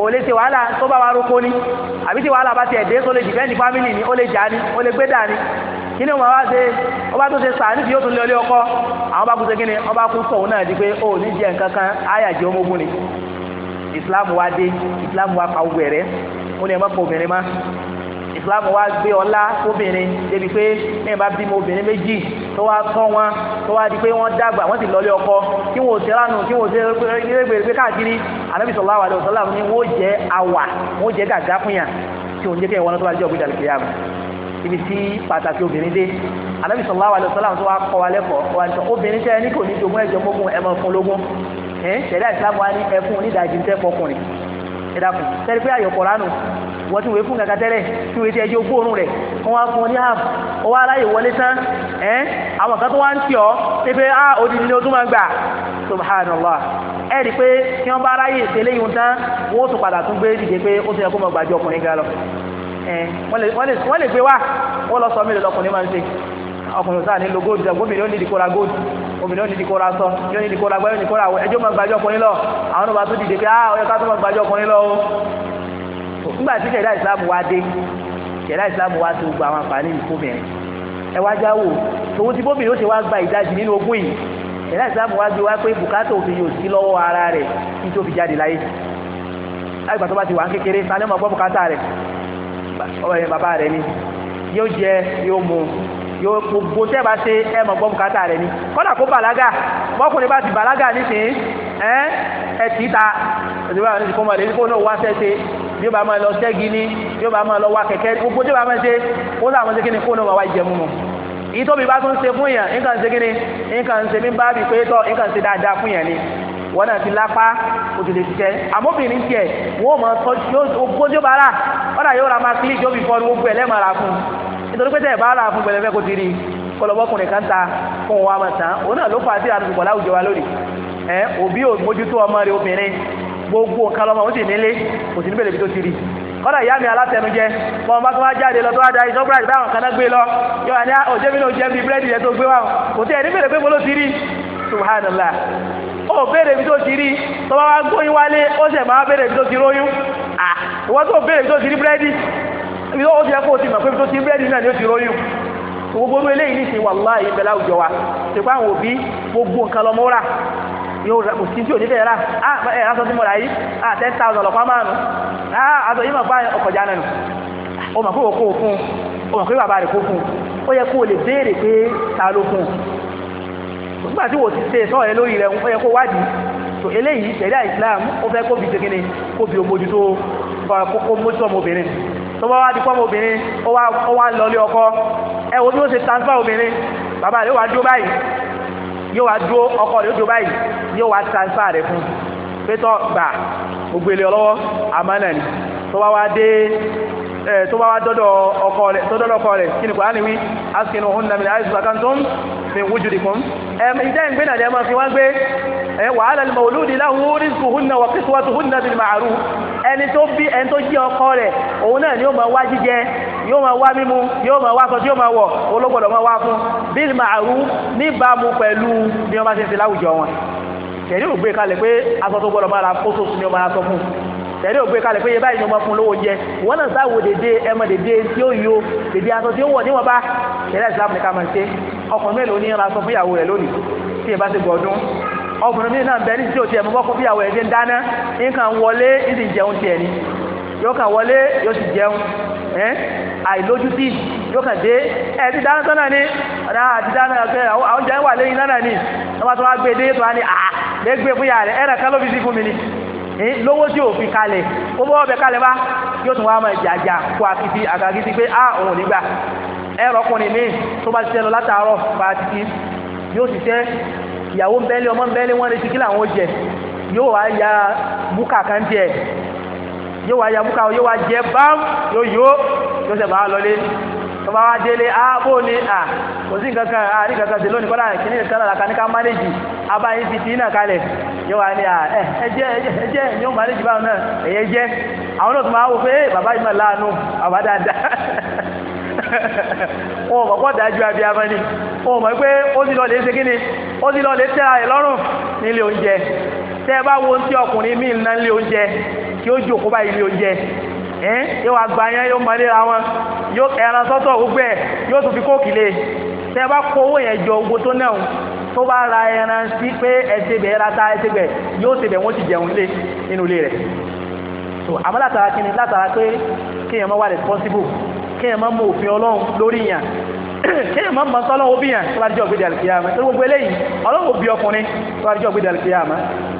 kò lè ṣe wàhálà tó bá wa roko ni àbí tí wàhálà bá tiẹ̀ dé tó lè dìfẹ́ǹdì fámìlì ni ó lè jà ni ó lè gbé dà ni kí ni wọ́n wá ṣe ó bá tó ṣe sàá níbi yóò tún lé ọlé ọkọ àwọn bá kú ṣe kí ni wọ́n bá kú sọ̀hún náà di pé ó ní jẹ́ nǹkan kan áyàjẹ́ ọmọogun ni Islam wa dé Islam wa pa ogun ẹ̀rẹ́ ó ní ẹ má pa obìnrin má islam wá gbé ọlá obìnrin débi pé ní ìbá bímọ obìnrin méjì tó wá tọ́ wọn tó wá di pé wọ́n dàgbà wọ́n ti lọ́lé ọkọ kí wọ́n ṣe lánàá kí wọ́n ṣe gbèrègbè káàkiri ànábì sallallahu alaihi wasallam ni wọ́n jẹ́ àwà wọ́n jẹ́ gàgá fún yàn tí òun jẹ́ kí ẹ̀wọ̀n tó bá jẹ́ ògbé dàbí kìyàmù ibi tí pàtàkì obìnrin dé ànábì sallallahu alaihi wasallam tó wá kọ́ wa lẹ́kọ̀ọ́ wa ní sọ obìnrin tẹ́ ní kò ní jogún ẹ̀jọ́ mọ́gún ẹ̀mọ́ fún lógún ẹ̀ tẹ̀lé àìsàn wa ní ẹ̀fún onídàájí tẹ́ fọkùnrin ẹ dákun sẹ́ni pé àyọ̀kọ̀ lánàá wọ́n ti wé fún kankan tẹ́lẹ̀ tí wé ti ẹjọ́ gbóòórùn rẹ̀ wọ́n wá fún ọ ní ààbò ó wá aláyè wọlé tán ẹ́ àwọn kan tó wá ń tì ọ́ ṣé pé á ah, odidi ni o tún máa gbà subhanallah ẹ rí i pé kí wọ́n bá aráyè ìṣẹ̀lẹ̀ yìí tán wọ́n ó tún padà tún gbé dìde pé ó ti yẹ kó mọ̀ gbàjọ ọkùnrin gan lọ wọ́n lè gbé wá wọ́n lọ sọ mí lọ́kùnrin máa ń ṣe ọkùnrin sáà ní lo góòdù sẹ́gun obìnrin ó ní ìdíkóra góòdù obìnrin ó ní ìdíkóra sọ yóò ní ìdíkóra gbá yóò ní ìdíkóra ẹjọ́ máa gbàjọ́ ọkùnrin lọ àwọn náà bá tún dìde pé á ah, ọyọ ká tún máa gbàjọ́ ọkùnrin lọ o nígbà tí kẹ̀dá ìsìlámù wá dé kẹ̀dá ìsìlámù wá tó gba àwọn àǹfààní ìfóbìnrin ẹ wá já wò tòun ti bóbìnrin ó ti wá gba ìdajì nínú ogún yìí kẹ̀dá ìsìlámù wá gbé wá pé bùkátà òfin yóò sí lọ́wọ́ ara rẹ̀ kí tó fi jáde láyé àgbà tó bá ti wà kékeré sani ọmọ gbọ́ bùkátà rẹ̀ ọmọ yẹn bàbá rẹ̀ ni yóò jẹ yóò mu yóò gbogbo tẹ́ bá ṣe ẹ mọ̀ gbọ́ bùkátà rẹ̀ ni kọ́dà kó bàlágà bọ́kùnrin bá ti bàlágà nísìn ẹ ẹ tì í ta ẹ̀sìn báyọ̀ nísìn kó mọ̀ lẹ́yìn kó náà wá sẹ́sẹ́ bí ó bá máa lọ sẹ́gi ní bí ó bá máa lọ wá kẹ̀kẹ́ gbogbo tí ó bá máa ṣe ó sà máa ṣe ni kó náà máa wá jẹ mú mu tó bí bá tún ṣe fún yàn nǹkan ṣe kí nǹkan ṣe mí bá pé tọ́ nǹkan wọn náà ti lápá o lè ṣiṣẹ́ àmóbìnrin tiẹ̀ wọn ò mọ tọ́jú ogbó tí wọn náà yóò ra máa kílì tí ó fi fọ́ ara fún un nítorí pé tẹ́ ẹ̀ bá rà fún pẹ̀lẹ́fẹ́ kó ti rí kọlọ́bọ́kùnrin kan ta fún wa máa tán òun náà ló fà á sí àdúgbò láwùjọ wa lónìí ẹ òbí ò mójútó ọmọ rẹ obìnrin gbogbo nǹkan lọ́mọ ó sì nílé kò sí níbẹ̀lẹ̀ bí tó ti rí kọ́dà ìyá mi alátẹnujẹ fún ọmọ tó wá jáde lọ tó wá da iṣẹ́ búrẹ́dì báwọn kan náà gbé lọ yọ àní ah, òjẹ́ mi náà jẹ́ bí búrẹ́dì yẹn tó gbé wọn kò tẹ́ ẹ̀ níbẹ̀lẹ̀ pé mo ló ti rí subhanallah ó béèrè ibi tó ti rí tó bá wá gbóyún wálé ó sì máa béèrè ibi tó ti róyún ah, ìwọ́n tó béèrè ibi tó ti rí búrẹ́dì ibi tó ti yẹ o ti mọ̀ pé tó ti bẹ́ẹ̀ nínú ẹ̀ ló ti róyún gbogbo orí eléyìí ní ìsìn wàláhì ìbẹ̀ láwùjọ wa ṣe pé àwọn òbí gbogbo nǹkan lọmọ rà yóò rà kò sí tí ò ní bẹ̀rẹ̀ rà á ah, ẹ̀ aṣọ tí mo rà yìí á ah, ten thousand lọ́pàá márùn á ah, aṣọ yìí mọ̀ pé ọkọ̀já náà nù ó mọ̀ pé òkú òkun ó mọ̀ pé bàbá rẹ̀ kó fún un yẹ kó o lè béèrè pé ta ló fún un nígbà tí wò ó ti ṣe sọ́ọ̀ yẹn lórí rẹ̀ o yẹ kó wádìí so eléyìí ṣẹ̀ríà Islam ó fẹ́ kó fi ṣe kí kó fi òmójútó ọmọbìnrin tó bá wá di pọ́mọ obìnrin ó wá ń lọlé ọkọ ẹ wo bí ó ṣe transfer obìnrin bàbá rẹ̀ yóò wá dúró báyìí yóò wá dúró ọkọ rẹ̀ yóò dúró báyìí yóò wá transfer rẹ̀ fún pétọ́ gbà gbogbo èlé ọlọ́wọ́ àmọ́ ni tó bá wá dé tó bá wá dọ́dọ̀ ọkọ rẹ̀ tó dọ́dọ̀ ọkọ rẹ̀ kí ni Kùránì wí askinu hunna min aisu sakantum min wujudikum ìjẹ́ ìgbé náà ni ẹ máa fi wá gbé wàhálà al-mawludi lahu rizquhunna wa ẹni tó bí ẹni tó jí ọkọ rẹ̀ òun náà ni yóò máa wá jíjẹ yóò máa wá mímu yóò máa wá aṣọ tí yóò máa wọ̀ olóògbọ́dọ̀ máa wá fún bíl màrú níbàámu pẹ̀lú bí wọ́n bá ṣe ṣe láwùjọ wọn tẹ̀lé ò gbé kalẹ̀ pé aṣọ tó gbọ́dọ̀ máa ra kóso ni wọ́n máa sọ fún tẹ̀lé ò gbé kalẹ̀ pé iye báyìí ni wọ́n máa fún lówó jẹ wọ́n náà sáwò dédé ẹmọ dédé tí ó yọ dédé aṣọ tí ó wọ̀ níwọ̀n bá tẹ̀lé ọkùnrin mi náà bẹ ní tí o tiẹ̀ mọ́ bọ́kú bí àwọn ẹ̀dẹ́ ń dáná nǹkan wọlé ìdí jẹun tiẹ̀ ni yóò kàn wọlé yóò sì jẹun ẹ́ àìlójútì yóò kàn dé ẹ̀ ti dáná tán náà ni ọ̀dà àti dáná ọ̀kẹ́ àwọn jẹ́ wà lẹ́yìn náà ni wọ́n tó wá gbé dé tó wá ní àá lè gbé fún yàrá ẹ̀rẹ̀ kan ló fi sí fún mi ni lówó tí ò fi kalẹ̀ ó bọ́ ọbẹ̀ kalẹ̀ wá yóò tún wá máa jàjà kó akitì àgàgìtì pé á òun ò ẹ̀rọ ọkùnrin mi tó bá ti tẹ́ lọ látàárọ̀ bá ti yóò ti tẹ́ ìyàwó ń bẹ́lẹ̀ ọmọ ń bẹ́lẹ̀ wọ́n retí kí làwọn jẹ yóò wá ya búkà kan tiẹ̀ yóò wá ya búkà yóò wá jẹ bám yóò yó yóò sẹ̀ máa lọlé tó bá wá délé ábò ní à kò sí nǹkan kan àrí nǹkan kan sí lónìí kọ́lá kìíní ìtàn àlàkà ní ká mánéjì abáyé ti fi náà kalẹ̀ yóò wá ní à ẹ ẹjẹ ẹjẹ ni ó mánéjì báwọn náà ẹ̀yẹ jẹ àwọn náà tó máa wò pé bàbá yìí máa láàánú àbá wọn ò mọ̀ pọ̀ dájú abiyamọ ni wọn ò mọ̀ pé ó sì lọ lè ṣe kíni ó sì lọ lè rẹ̀ lọ́rùn nílé oúnjẹ tẹ́ ẹ bá wo ti ọkùnrin míì ná nílé oúnjẹ kí ó jòkó báyìí nílé oúnjẹ ẹ yóò wá gba yẹn yóò mọlé ra wọn yóò ẹran sọ́tọ̀ gbogbo ẹ̀ yóò tún fi kóòkì lé tẹ́ ẹ bá kó owó yẹn jọ ogbó tó náà tó bá ra ẹran sí so àmọ́ látara látara pé kéèyàn wà kéèyàn máa mọ òfin ọlọ́run lórí yàn kéèyàn máa mọ sọ́lọ́run òbí yàn tó bá dijọ́ gbéde àlùkìyàmá tó gbogbo eléyìí ọlọ́run òbí ọkùnrin tó bá dijọ́ gbéde àlùkìyàmá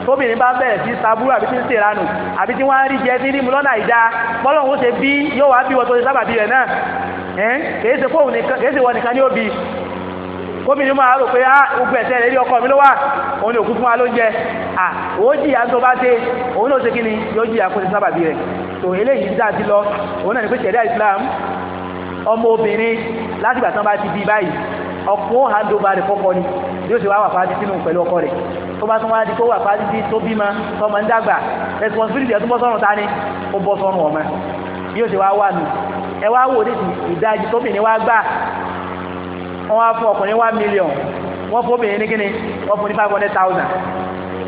tóbìnrin bá bẹ̀rẹ̀ sí saburú àbí tí ń ṣèlànà àbí tí wọ́n á rí jẹ sí rímu lọ́nà àìdá bọ́lọ́run ó ṣe bí yóò wá bí wọ́n tó ṣe sábàbí rẹ̀ náà kèé ṣe wọ́n nìkan ní òbí gómìnà máa rò pé gbogbo ẹ̀sẹ̀ rẹ̀ rí ọkọ mi ló wà òun ni òkú fún wa ló ń jẹ òun jìyà tó eléyìí dá sí lọ òun náà ní pé ṣẹ̀ríà Islam ọmọ obìnrin látìgbà tán bá ti bí báyìí ọkùnrin hand over rẹ̀ fọ́kọ ni yóò ṣe wá wà fáájú sínú pẹ̀lú ọkọ rẹ̀ tó bá tún wá di kó wà fáájú sí tó bímọ tọmọ ń dàgbà responsibility ẹ̀ tó bọ́ sọ́run ta ni ó bọ́ sọ́run ọmọ yóò ṣe wá wà nù ẹ wá wò ní ìdajì tóbìnrin wá gbà wọ́n wá fún ọkùnrin one million wọ́n fún obìnrin ní kíni wọ́n fún ní five hundred thousand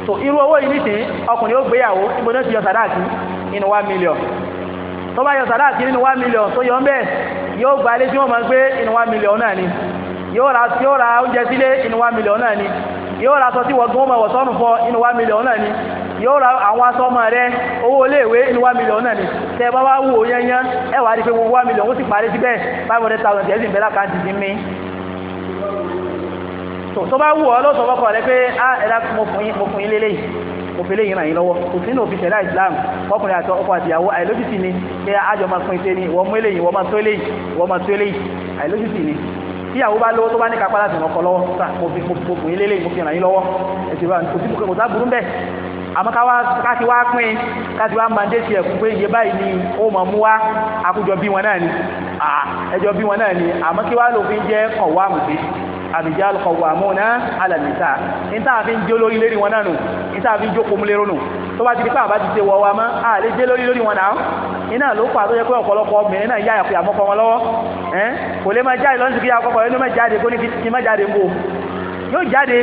so irú owó yìí nìsín ọkùnrin ó gbéyàwó ìgbóná ti yọ sàdáàkì nínú one million tó bá yọ sàdáàkì nínú one million tó yọ ń bẹ́ẹ̀ yóò gba ilé tí wọ́n máa gbé nínú one million náà ni yóò ra yóò ra oúnjẹ sílé nínú one million náà ni yóò ra aṣọ tí wọ́n gbọ́n mọ̀ wọ̀ sọ́nù fọ nínú one million náà ni yóò ra àwọn aṣọ ọmọ rẹ owó iléèwé inú one million náà ni tẹ bá wá wò yányán ẹ wàá di pé wọn one million ó sì parí síbẹ̀ five hundred thousand tẹ̀sí ìbẹ́lá kan ti di mí. tó bá wù ọ́ ló sọ fọ́kọ̀ rẹ pé á ah, ẹ̀dá mo fún yín lélẹ́yìí òfèlè yìí ràn yín lọ́wọ́ kò sí nínú ṣẹ̀dá islam ọkùnrin àti ọkọ àtìyàwó àìlójútì ni kí àjọ máa pín tẹ́ni wọ́n mú eléyìí wọ́n máa tó eléyìí wọ́n máa tó eléyìí àìlójútì ni tí àwọn bá lówó tó bá ní kápá láti ràn ọkọ lọ́wọ́ mo fi mo fi eléyìí mo fi ràn yín lọ́wọ́ ètò ìbára kò sí kò sá burú bẹ́ẹ̀ àmọ́ káti wá pín káti wá máa déṣe ẹ̀kú pé iye báyìí ni ó mọ̀ mú wá àkójọ bí wọn náà ni ẹjọ́ bí wọn náà àmọ́ kí wá lófin jẹ́ kọ̀wá àmùgbé àrìjáàlù kọ̀wàmúnà alàmìsà níta fi ń jó lórí lérí wọn náà nù níta fi ń jó kòmúlérò nù tó bá ti di pé àbá ti ṣe wọ́wọ́ àmọ́ àlè jẹ́ lórí lórí wọn náà iná ló pa tó yẹ pé ọ̀pọ̀lọpọ̀ obìnrin náà yá àpè àmọ́kọ wọn lọ́wọ́ ẹ́ kò lè máa jáde lọ́sùn kí akọ́kọ́ ẹni máa jáde kó ní kí máa jáde mbò yóò jáde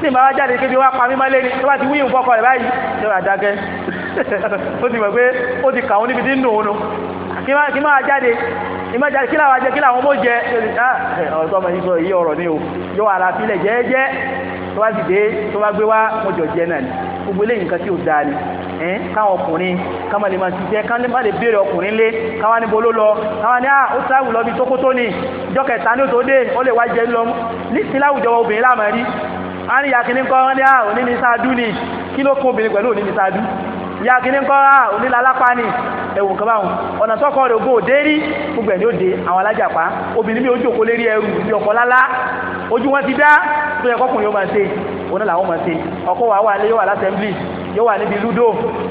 sí ìmọ̀ jáde kébi wá pa mímọ́ lé ní tó bá ti wíyìn fọ́kọ rẹ̀ báyìí yóò adágẹ́ ó ti mọ̀ pé ó ti kà ó níbi tí ń nù ún kí máa jáde ìmọ̀jáde kí làwọn ajẹ́ kí làwọn mọ̀ jẹ ah, ọ̀rọ̀ tó ọmọ yìí sọ èyí ọ̀rọ̀ ni o yọ ara sílẹ̀ jẹ́ẹ́jẹ́ tó bá sì dé tó bá gbé wá mọ̀jọ̀ jẹ náà ni gbogbo eléyìí nǹkan tí ò dáa ni ẹ̀ẹ́n káwọn ọkùnrin káwọn lè máa ṣiṣẹ́ káwọn má lè béèrè ọkùnrin lé káwọn níbo ló lọ káwọn ní à ah, ó sáwù lọ bí tókótó ni ìjọ kẹta ní òtó dé ó lè wá lọ nísìnyí láwùjọ obìnrin láàmú rí wọn ìyá kìíní ní à ah, òní ní sáadú ni kí ló kún obìnrin pẹ̀lú òní ní sáadú ìyá kìíní kọ́ra ah, onílà alápá ni ẹ̀wù nǹkan báwọn ọ̀nà tọ́kọ rẹ̀ ogún òde rí gbogbo ẹ̀ ní òde àwọn alájàpá obìnrin bí ojú òkú lérí ẹrù bí ọkọ̀ lálá ojú wọn ti dá tó yẹ kọkùnrin yóò máa ṣe òun náà làwọn máa ṣe ọkọ wà wà lé yóò wà lásẹ̀mblì yóò wà níbi lúdò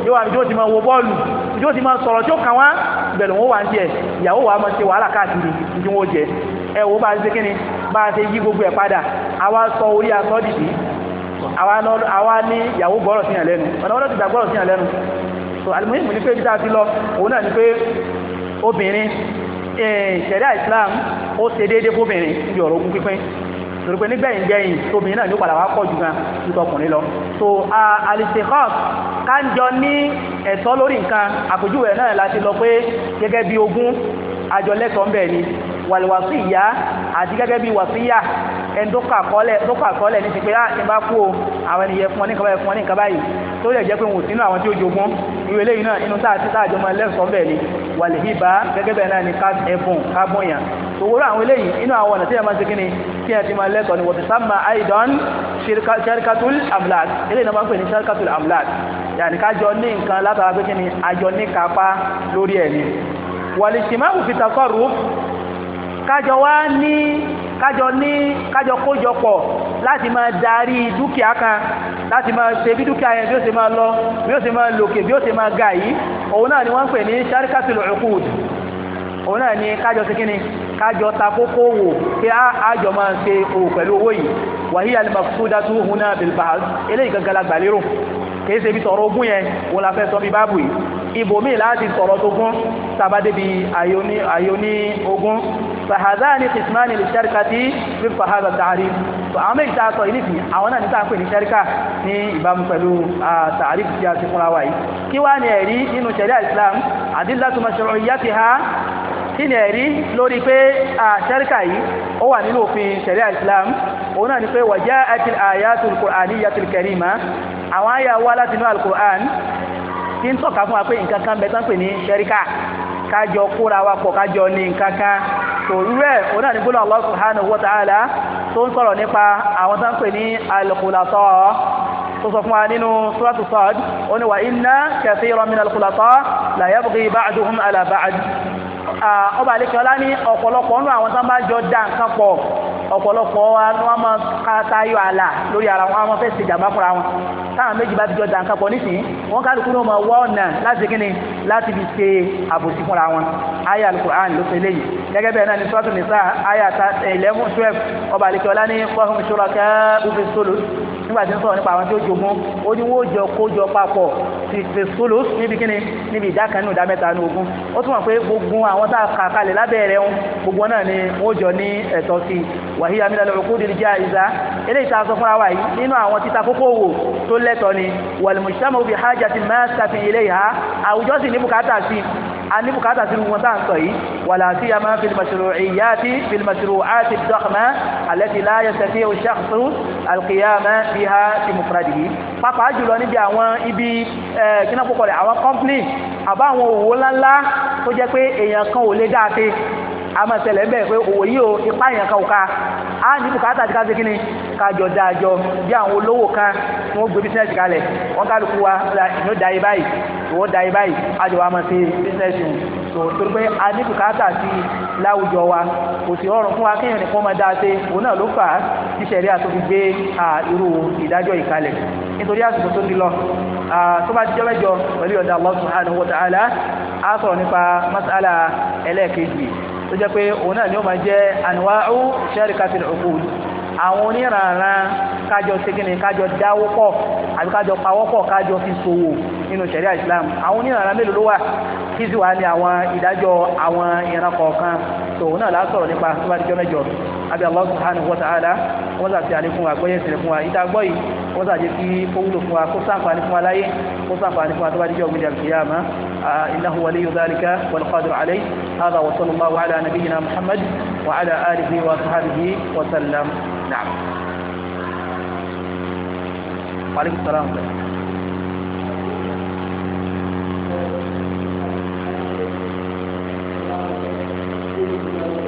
yóò wà níbi tí ó ti máa wo bọ́ọ̀lù tí ti máa sọ̀rọ̀ tí ó kàn wá bẹ̀rù wọn wà ń tiẹ̀ ìyàwó wa máa ṣe wàhálà káàkiri tí wọn jẹ ẹ wo bá ṣe kíni bá ṣe yí gbogbo ẹ̀ padà àwa sọ orí asọ́ dìbì àwa ní ìyàwó gbọ́rọ̀ sí yàn lẹ́nu ọ̀nà wọn ló ti gbà gbọ́rọ̀ sí yàn lẹ́nu so alimuhimu ni pé ibi tá a ti lọ òun náà ni pé obìnrin eh, ṣẹ̀ríà Islam ó ṣe déédéé fóbìnrin níbi ọ̀rọ̀ ogún pínpín torí pé nígbẹ̀yìn gbẹ̀yìn tóbìnrin náà ní ó padà wá pọ̀ jù gan ìtọkùnrin lọ so alistikhab kájọ ní ẹ̀tọ́ lórí nǹkan àpèjúwe náà láti lọ pé gẹ́gẹ́ bí ogún wàlúwàsíyà àti gẹ́gẹ́ bí wàsíyà ẹni tó kà kọ́lẹ̀ ní ti pé láti ah, bá kú àwọn ènìyàn fún ọ ní kaba ẹ̀ fún ọ ní kaba yìí tó lè jẹ́ pé wọn ò sínú àwọn tí ó jogún irú eléyìí náà inú táà tí táàjọ máa lẹ́sọ̀ọ́ ni wàlẹ̀ híbà gẹ́gẹ́ bẹ́ẹ̀ náà ni ẹ̀bùn kábọ̀yàn tòwúrò àwọn eléyìí inú àwọn ọ̀nà tí ẹ máa ṣe kíni kí ẹ ti máa lẹ́sọ̀ọ́ ni wọ́n ti sáàmà aidan sharikatul amlak eléyìí náà máa ń pè ní sharikatul amlak yàní kájọ ní fi takọ́rù kájọ wá ní kájọ ní kájọ kójọpọ̀ láti máa darí dúkìá kan láti máa ṣe bí dúkìá yẹn bí ó ṣe máa lọ bí ó ṣe máa lòkè bí ó ṣe máa ga yìí òun náà ni wọ́n ń pè ní sharikatul uqud òun náà ni kájọ sí kíni kájọ ta kókó wò pé àjọ máa ṣe òwò pẹ̀lú owó yìí wàhíyà al maqsudatu huna bil bahth eléyìí gangan la gbà lérò kìí ṣe ibi sọ̀rọ̀ ogún yẹn wọn la fẹ́ sọ bí báàbù yìí ibòmí láti sọ̀rọ̀ tógún tàbádébi àyóní ogún fàhàzáni kìsìmánì lè ṣẹ́ríkà tí fi fàhàzà tààrí àwọn méjì tá a sọ ìlú fìyí àwọn náà ní tá a pè ní ṣẹ́ríkà ní ìbámu pẹ̀lú tààrí tí a ti fúnra wa yìí kí wá ní ẹ̀rí nínú ṣẹ̀ríà Islam àdílátùmọ̀ ṣẹ̀rọ̀ ìyá ti ha kí ni ẹ̀rí lórí pé ṣẹ́ríkà yìí ó wà nínú òfin ṣẹ̀ríà Islam òun náà ni pé waja'atil ayatul qur'aniyatul karima àwọn àyà wá láti inú al-Qur'an tí ń tọ́ka fún wa pé nǹkan kan bẹ tán pè ní ṣẹ́ríkà kájọ kóra wa pọ̀ kájọ ní nǹkan kan tòrú rẹ̀ òun náà ní gbólóhùn Allah subhanahu wa ta'ala tó ń sọ̀rọ̀ nípa àwọn tán pè ní al tó sọ fún wa nínú suratu Sad ó ní wa inna kathiran min al-khulata la yabghi ba'duhum ala ọba àlekẹ́ ọlá ní ọ̀pọ̀lọpọ̀ nínú àwọn tó ń bá jọ dá nǹkan pọ̀ ọ̀pọ̀lọpọ̀ wa ni wọ́n máa ká tayọ àlà lórí ara wọn wọ́n fẹ́ ṣe jàmbá fúnra wọn táwọn méjì bá ti jọ dá nǹkan pọ̀ nísìnyí wọ́n kálukú ní ọmọ wọ́ ọ̀nà láti kíni láti fi ṣe àbòsí fúnra wọn aya alukur'an ló ṣe léyìí gẹ́gẹ́ bẹ́ẹ̀ náà ni sọ́ọ̀tù nìsa aya eleven twelve ọba àlekẹ́ ní nígbà tí ń sọ̀rọ̀ nípa àwọn tí ó jogún ó ní wọ́n jọ kójọ papọ̀ ti ti sólò níbi kíni níbi ìdá kan nínú ìdá mẹ́ta ní ogún ó túmọ̀ pé gbogbo àwọn tá a kà kalẹ̀ lábẹ́ rẹ̀ ń gbogbo náà ni wọ́n jọ ní ẹ̀tọ́ sí wàhíyá mi lálẹ́ òkú dìrì já ìzá eléyìí tá a sọ fúnra wa yìí nínú àwọn títa kókó wò tó lẹ́tọ̀ọ́ ni wàlùmùsílámù bíi hajj a ní bùkátà sí wọn tá à ń sọ yìí wala siyama fil mashru'iyyati fil mashru'ati ad-dakhma allati la yastati'u ash-shakhsu al-qiyama biha bi mufradihi pàápàá jùlọ níbi àwọn ibi kíná púpọ̀ rẹ̀ àwọn kọ́mpìnì àbáwọn òwò ńláńlá tó jẹ́ pé èèyàn kan ò lè dáa a máa tẹ̀lé ń bẹ̀ pé òwò yìí o ipá yẹn kan ò ká a ní bùkátà ti ká sí kíni kájọ dájọ bí àwọn olówó kan tí wọ́n gbé bísíǹsì kalẹ̀ wọ́n kálukú wa ìyó da yìí báyìí ìwọ́ da yìí báyìí àjọ wa máa ṣe bísíǹsì so torí pé a ní bùkátà sí láwùjọ wa kò sí ọrùn fún wa kéèyàn nìkan máa dáa ṣe òun náà ló fà á tí sẹ̀rí àtòfin gbé irú ìdájọ́ ìkalẹ̀ nítorí àsìkò tó ti lọ tó bá ti jẹ́ mẹ́jọ pẹ̀lú ọ̀dà Allah subhanahu wa ta'ala á sọ̀rọ̀ nípa mas'ala ẹlẹ́ẹ̀kejì tó jẹ́ pé òun náà ni ó máa jẹ́ anwa'u sharikatil uqud àwọn oníranra kájọ ṣégini kájọ dáwọ́pọ̀ àbí kájọ pawọ́pọ̀ kájọ fi ṣòwò nínú ṣẹ̀ríà Islam àwọn oníranra mélòó ló wà kí sì wá ní àwọn ìdájọ́ àwọn ìran kọ̀ọ̀kan tòun náà lásọ̀rọ̀ nípa tó bá ti jọ mẹ́jọ àbí Allah subhanahu wa ta'ala wọ́n sàti àlékún wa gbọ́yẹ̀ sílẹ̀ fún wa ìtagbọ́ yìí wọ́n sàti fi kówúlò fún wa kó ṣàǹfààní fún wa láyé kó ṣàǹfààní fún wa tó bá dijọ́ gbìyànjú al-qiyamah innahu waliyyu dhalika wal qadiru alayhi hadha wa sallallahu ala nabiyyina Muhammad wa ala alihi wa sahbihi wa sallam. نعم وعليكم السلام Thank you.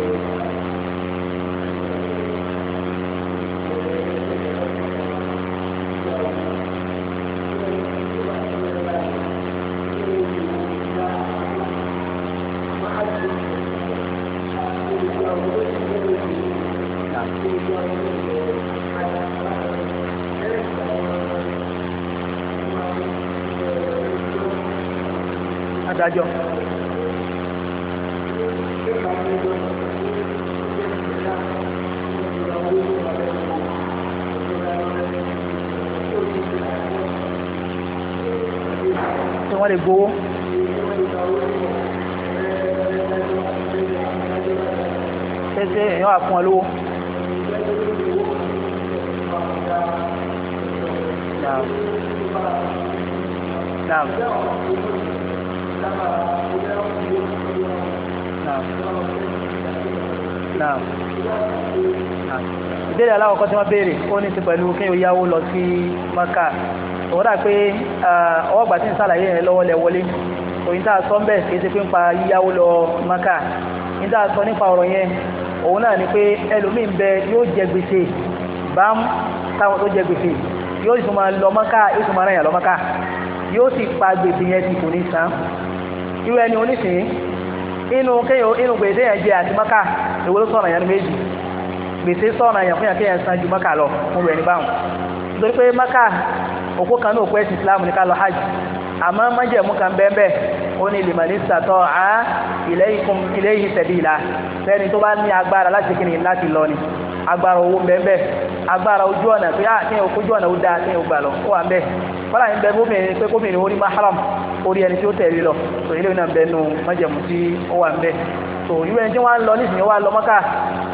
ìdájọ́. tí wọ́n lè gbowó. ṣé ṣé èèyàn á ọ lówó. ìbéèrè aláwọ̀kọ́ tí wọ́n béèrè ó ní ti pẹ̀lú kí o yáwó lọ sí maka òun dà pé ọwọ́ gbà tí ń sàlàyé yẹn lọ́wọ́ lẹ wọlé òyìn tá a sọ ń bẹ̀ kì í ṣe pé ń pa yíyáwó lọ maka yín tá a sọ nípa ọ̀rọ̀ yẹn òun náà ni pé ẹlòmíì ń bẹ yóò jẹ gbèsè bám táwọn tó jẹ gbèsè yóò sì tún máa lọ maka yóò tún máa ràn yàn lọ maka yóò sì pa gbèsè yẹn ti kò ní san irú ẹni oníṣìí inú kéèyàn inú gbèsè yẹn jẹ àti maka ìwé ló sọ̀rọ̀ yẹn méjì gbèsè sọ̀rọ̀ àyàn fún yàn kéèyàn san ju mọ́kà lọ fún rẹ̀ ní báwọn nítorí pé mọ́kà òkú kan ní òkú ẹ̀sìn islam ní ká hajj àmọ́ májẹ̀mú kan bẹ́ẹ̀ bẹ́ẹ̀ ó ní lèmọ̀ ní sàtọ̀ á ilé yìí tẹ̀lé ìlà fẹ́ni tó bá ní agbára láti kí ni láti lọ ni agbára owó bẹ́ẹ̀ bẹ́ẹ̀ agbára ojú ọ̀nà pé á ah, kí ni ojú ọ̀nà ó dáa kí ni ó gbà lọ ó wà ń bẹ́ẹ̀ fọlá yìí bẹ gómìnir pé gómìnir orí maharam orí ẹni tí ó tẹ̀lé lọ tòyí lè nà bẹ́ẹ̀ nù májẹ̀mú tí ó wà bẹ́ẹ̀ so irú ẹni tí wọ́n á lọ nísìnyí wọ́n á lọ mọ́kà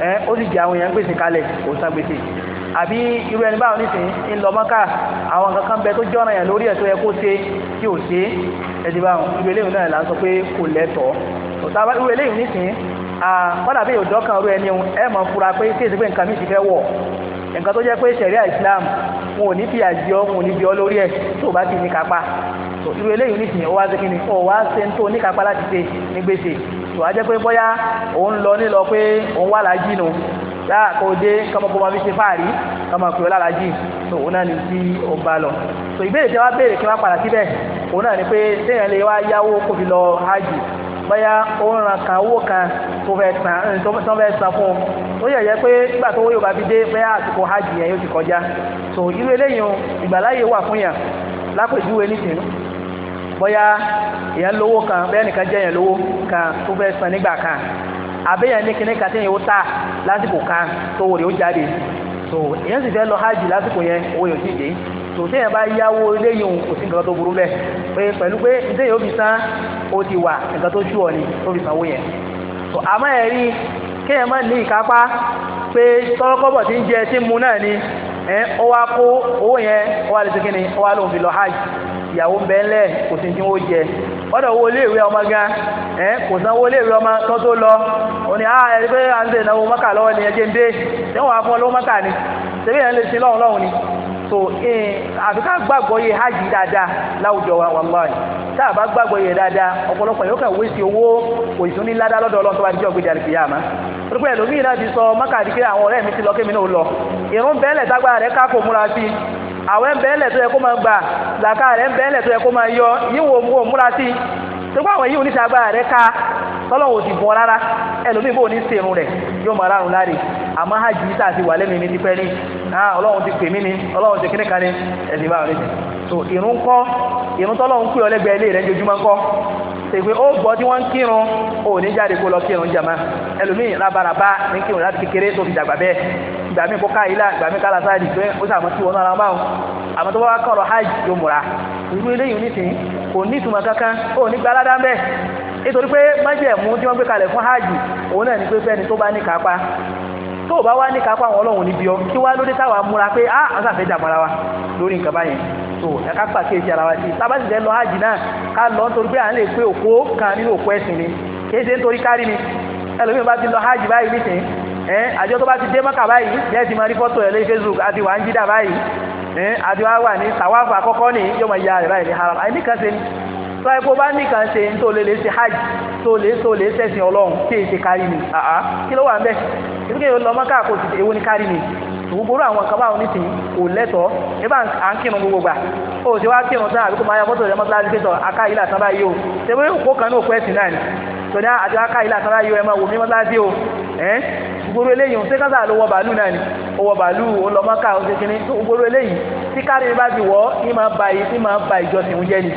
ẹ ó sì jẹ àwọn èèyàn gbèsè kalẹ̀ kò san gbèsè àbí irú ẹni báwọn nísìnyí ń lọ mọ́kà àwọn nǹkan kan bẹ tó jọ́nà yàn lórí ẹ̀ tó yẹ kó ṣe kí ò ṣe ẹ̀dí báwọn irú eléyìí náà là ń sọ pé kò lẹ́tọ̀ọ́ òtá irú eléyìí nísìnyí kọ́dà bí òjọ́ kan rú ẹni ẹ̀ mọ̀ fura pé tí èsì pé nǹkan mi ti fẹ́ wọ̀ nǹkan tó jẹ́ pé ṣẹ̀ríà Islam wọn ò ní fi àjọ wọn ò ní bí ọ lórí ẹ̀ tó bá ti ní kápá tó irú eléyìí ní ìsìn ọwọ́ azekini ọwọ́ asento oníkápá láti ṣe ní gbèsè tó a jẹ́ pé bóyá òun lọ nílọ pé òun wà láàjì nù yá kò dé kọ́mọkọ́ máa fi ṣe fáàrí kọ́mọ pé ọlá láàjì tó òun náà ní sí ọba lọ tó ìbéèrè tí wọ́n béèrè kí wọ́n padà síbẹ̀ òun náà ní pé téèyàn lè wá yáwó kó fi lọ hajj bóyá ó ń kan owó kan tó fẹ́ san eh, tó fẹ́ san fún un ó yẹ̀ pé nígbà tó yóò bá fi dé bóyá àsìkò hajj yẹn yóò ti kọjá tó irú eléyìí ìgbàláyè wà fún yàn lápèjúwe nísìnyí bóyá èèyàn lówó kan bẹ́ẹ̀ nìkan jẹ́ èèyàn lówó kan tó fẹ́ san nígbà kan àbẹ́yẹn ní kíní kan téèyàn ó tà lásìkò kan tó wòlé ó jáde so èèyàn sì fẹ́ lọ hajj lásìkò yẹn owó yóò sì dé so téèyàn bá yáwó eléyìí òun kò sí nǹkan tó burú bẹ́ẹ̀ pé pẹ̀lú pé téèyàn ó fi san ó ti wà nǹkan tó ṣù ọ ni ó fi sanwó yẹn so àmọ́ ẹ̀rí ẹ má ní ìkápá pé tọ́lọ́kọ́bọ̀ tí ń jẹ tí mu náà ni ẹ̀ ọ wá kó owó yẹn ọ wá lè ṣe ọ wá fi lọ hajj ìyàwó ń ńlẹ̀ kò sí tí jẹ ọ̀dọ̀ owó iléèwé ọmọ gan ẹ̀ kò san owó iléèwé ọmọ tó tó lọ ah, ẹni pé à ń mọ́kà lọ́wọ́ ni ẹjẹ́ ń dé ṣé wọ́n á fún ni lè ṣe so àfi gbàgbọ́ yẹ hajj dáadáa láwùjọ wa tá a bá gbàgbọ́ yẹ dáadáa ọ̀pọ̀lọpọ̀ yóò kà wéṣì owó kò ìsún ní ládá lọ́dọ̀ ọlọ́run tó bá dijọ́ gbèjà àlùkìyà àmọ́ torípé ẹlòmíì náà ti sọ maka pé àwọn ọ̀rẹ́ mi ti lọ kémi náà lọ ìrún bẹ́ẹ̀lẹ̀ tágbára rẹ̀ kákò múra sí i àwẹ̀ ń bẹ́ẹ̀lẹ̀ tó yẹ kó máa gbà làkà rẹ̀ tó yẹ kó máa yọ yíwò mú múra sí i torípé àwọn rẹ̀ ká ti bọ́ rárá bò ní sèrun rẹ̀ yóò máa rárun láre àmọ́ hajj yìí ti wà lẹ́nu mi ti tó ìrun kọ́ ìrun tọ́lọ́ ń pè ọ lẹ́gbẹ̀ẹ́ ilé rẹ̀ jojúmọ́ kọ́ tèpé ó gbọ́ tí wọ́n ń kírun ó ní jáde kó lọ kírun jàmá ẹlòmíì labaraba ní kírun láti kékeré tó fi dàgbà bẹ́ẹ̀ ìgbà mi kó káyìlá ìgbà mi kálá sáàdì pé ó sàmọ́ tí wọ́n náà máa ń àmọ́ tó bá wá kọ̀rọ̀ hajj yóò múra irú eléyìí nísìnyí kò ní ìtumọ̀ kankan ó ní gbaládá ń bẹ́ẹ̀ nítorí pé májẹ̀mú tí wọ́n gbé kalẹ̀ fún hajj òun náà ní pé fẹ́ni tó bá ní kápá tó bá wá ní kápá àwọn ọlọ́run níbi ọ kí wá lóde táwa múra pé á ah, àṣàfẹ́ jàmọ́ra wa lórí nǹkan báyẹn tó ẹ ká pàkíyèsí ara wa sí i tábà sì fẹ́ lọ ájì náà ká lọ nítorí pé à ń lè pé òkú kan nínú òkú ẹ̀sìn ni kì í ṣe nítorí kárí ni ẹlòmíràn bá ti lọ ájì báyìí nísìnyí ẹ àjọ tó bá ti dé mọ́kà báyìí jẹ́ ti máa rí fọ́tò ẹ̀ lórí Facebook àti wà ń jídà báyìí àti tọ́yẹ kó bá nìkan ṣe tó lè lè ṣe hajj tó lè tó lè ṣẹ̀sìn ọlọ́run tí èsì kárí ni àá kí ló wà ń bẹ̀ ìdíkẹ́ yóò lọ mọ́ká kò sì ewu ní kárí ni ìwúgbóró àwọn kan báwọn ní tìyí kò lẹ́tọ̀ọ́ nígbà à ń kírun gbogbo gbà ó ti wá kírun sáà àbíkó máa ya mọ́tò rẹ mọ́tò láti aká yìí làtàn báyìí o ṣé wọ́n kó kan ní òkú ẹ̀sìn náà ni tòní àti aká yìí làtàn báyìí o ẹ máa wò mí mọ́tò láti o ẹ́ gbogbo eléyìí ṣé kásá ló wọ bàálù náà ni ó wọ bàálù ó lọ mọ́ká ó ṣe kíní gbogbo eléyìí tí kárí bá ti wọ́ ní máa ba ìjọsìn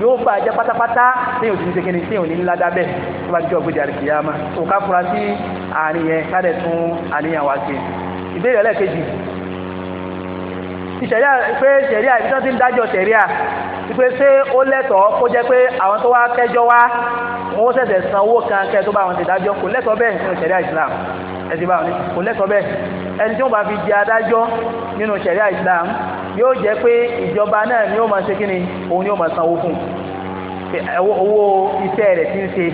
yóò bá jẹ́ pátápátá tí yóò ti ní sekene tí yóò ní ládàá bẹ́ẹ̀ tó bá jẹ́ ọ̀gbẹ́dẹ àríkìyàmá tó ká fura sí àárín yẹn káàdẹ̀ tún àníyàn wá sí ìbéèrè ẹlẹ́ẹ̀kejì ìṣẹ̀ríà pé ṣẹ̀ríà ibi tí wọ́n ti ń dájọ́ ṣẹ̀ríà pé ṣé ó lẹ́tọ̀ọ́ kó jẹ́ pé àwọn tó wá kẹ́jọ́ wá wọn ó ṣẹ̀ṣẹ̀ san owó kan kẹ́ tó bá wọn ti dájọ́ kò lẹ́tọ̀ọ́ bẹ́ẹ̀ nínú ṣẹ̀ríà Islam ẹ̀sìn báwọn ni kò lẹ́tọ̀ọ́ bẹ́ẹ̀ ẹni tí wọ́n bá fi di adájọ́ nínú ṣẹ̀ríà Islam yóò jẹ́ pé ìjọba náà ni ó máa ṣe kíni òun ni ó máa sanwó fún owó iṣẹ́ rẹ̀ tí ń ṣe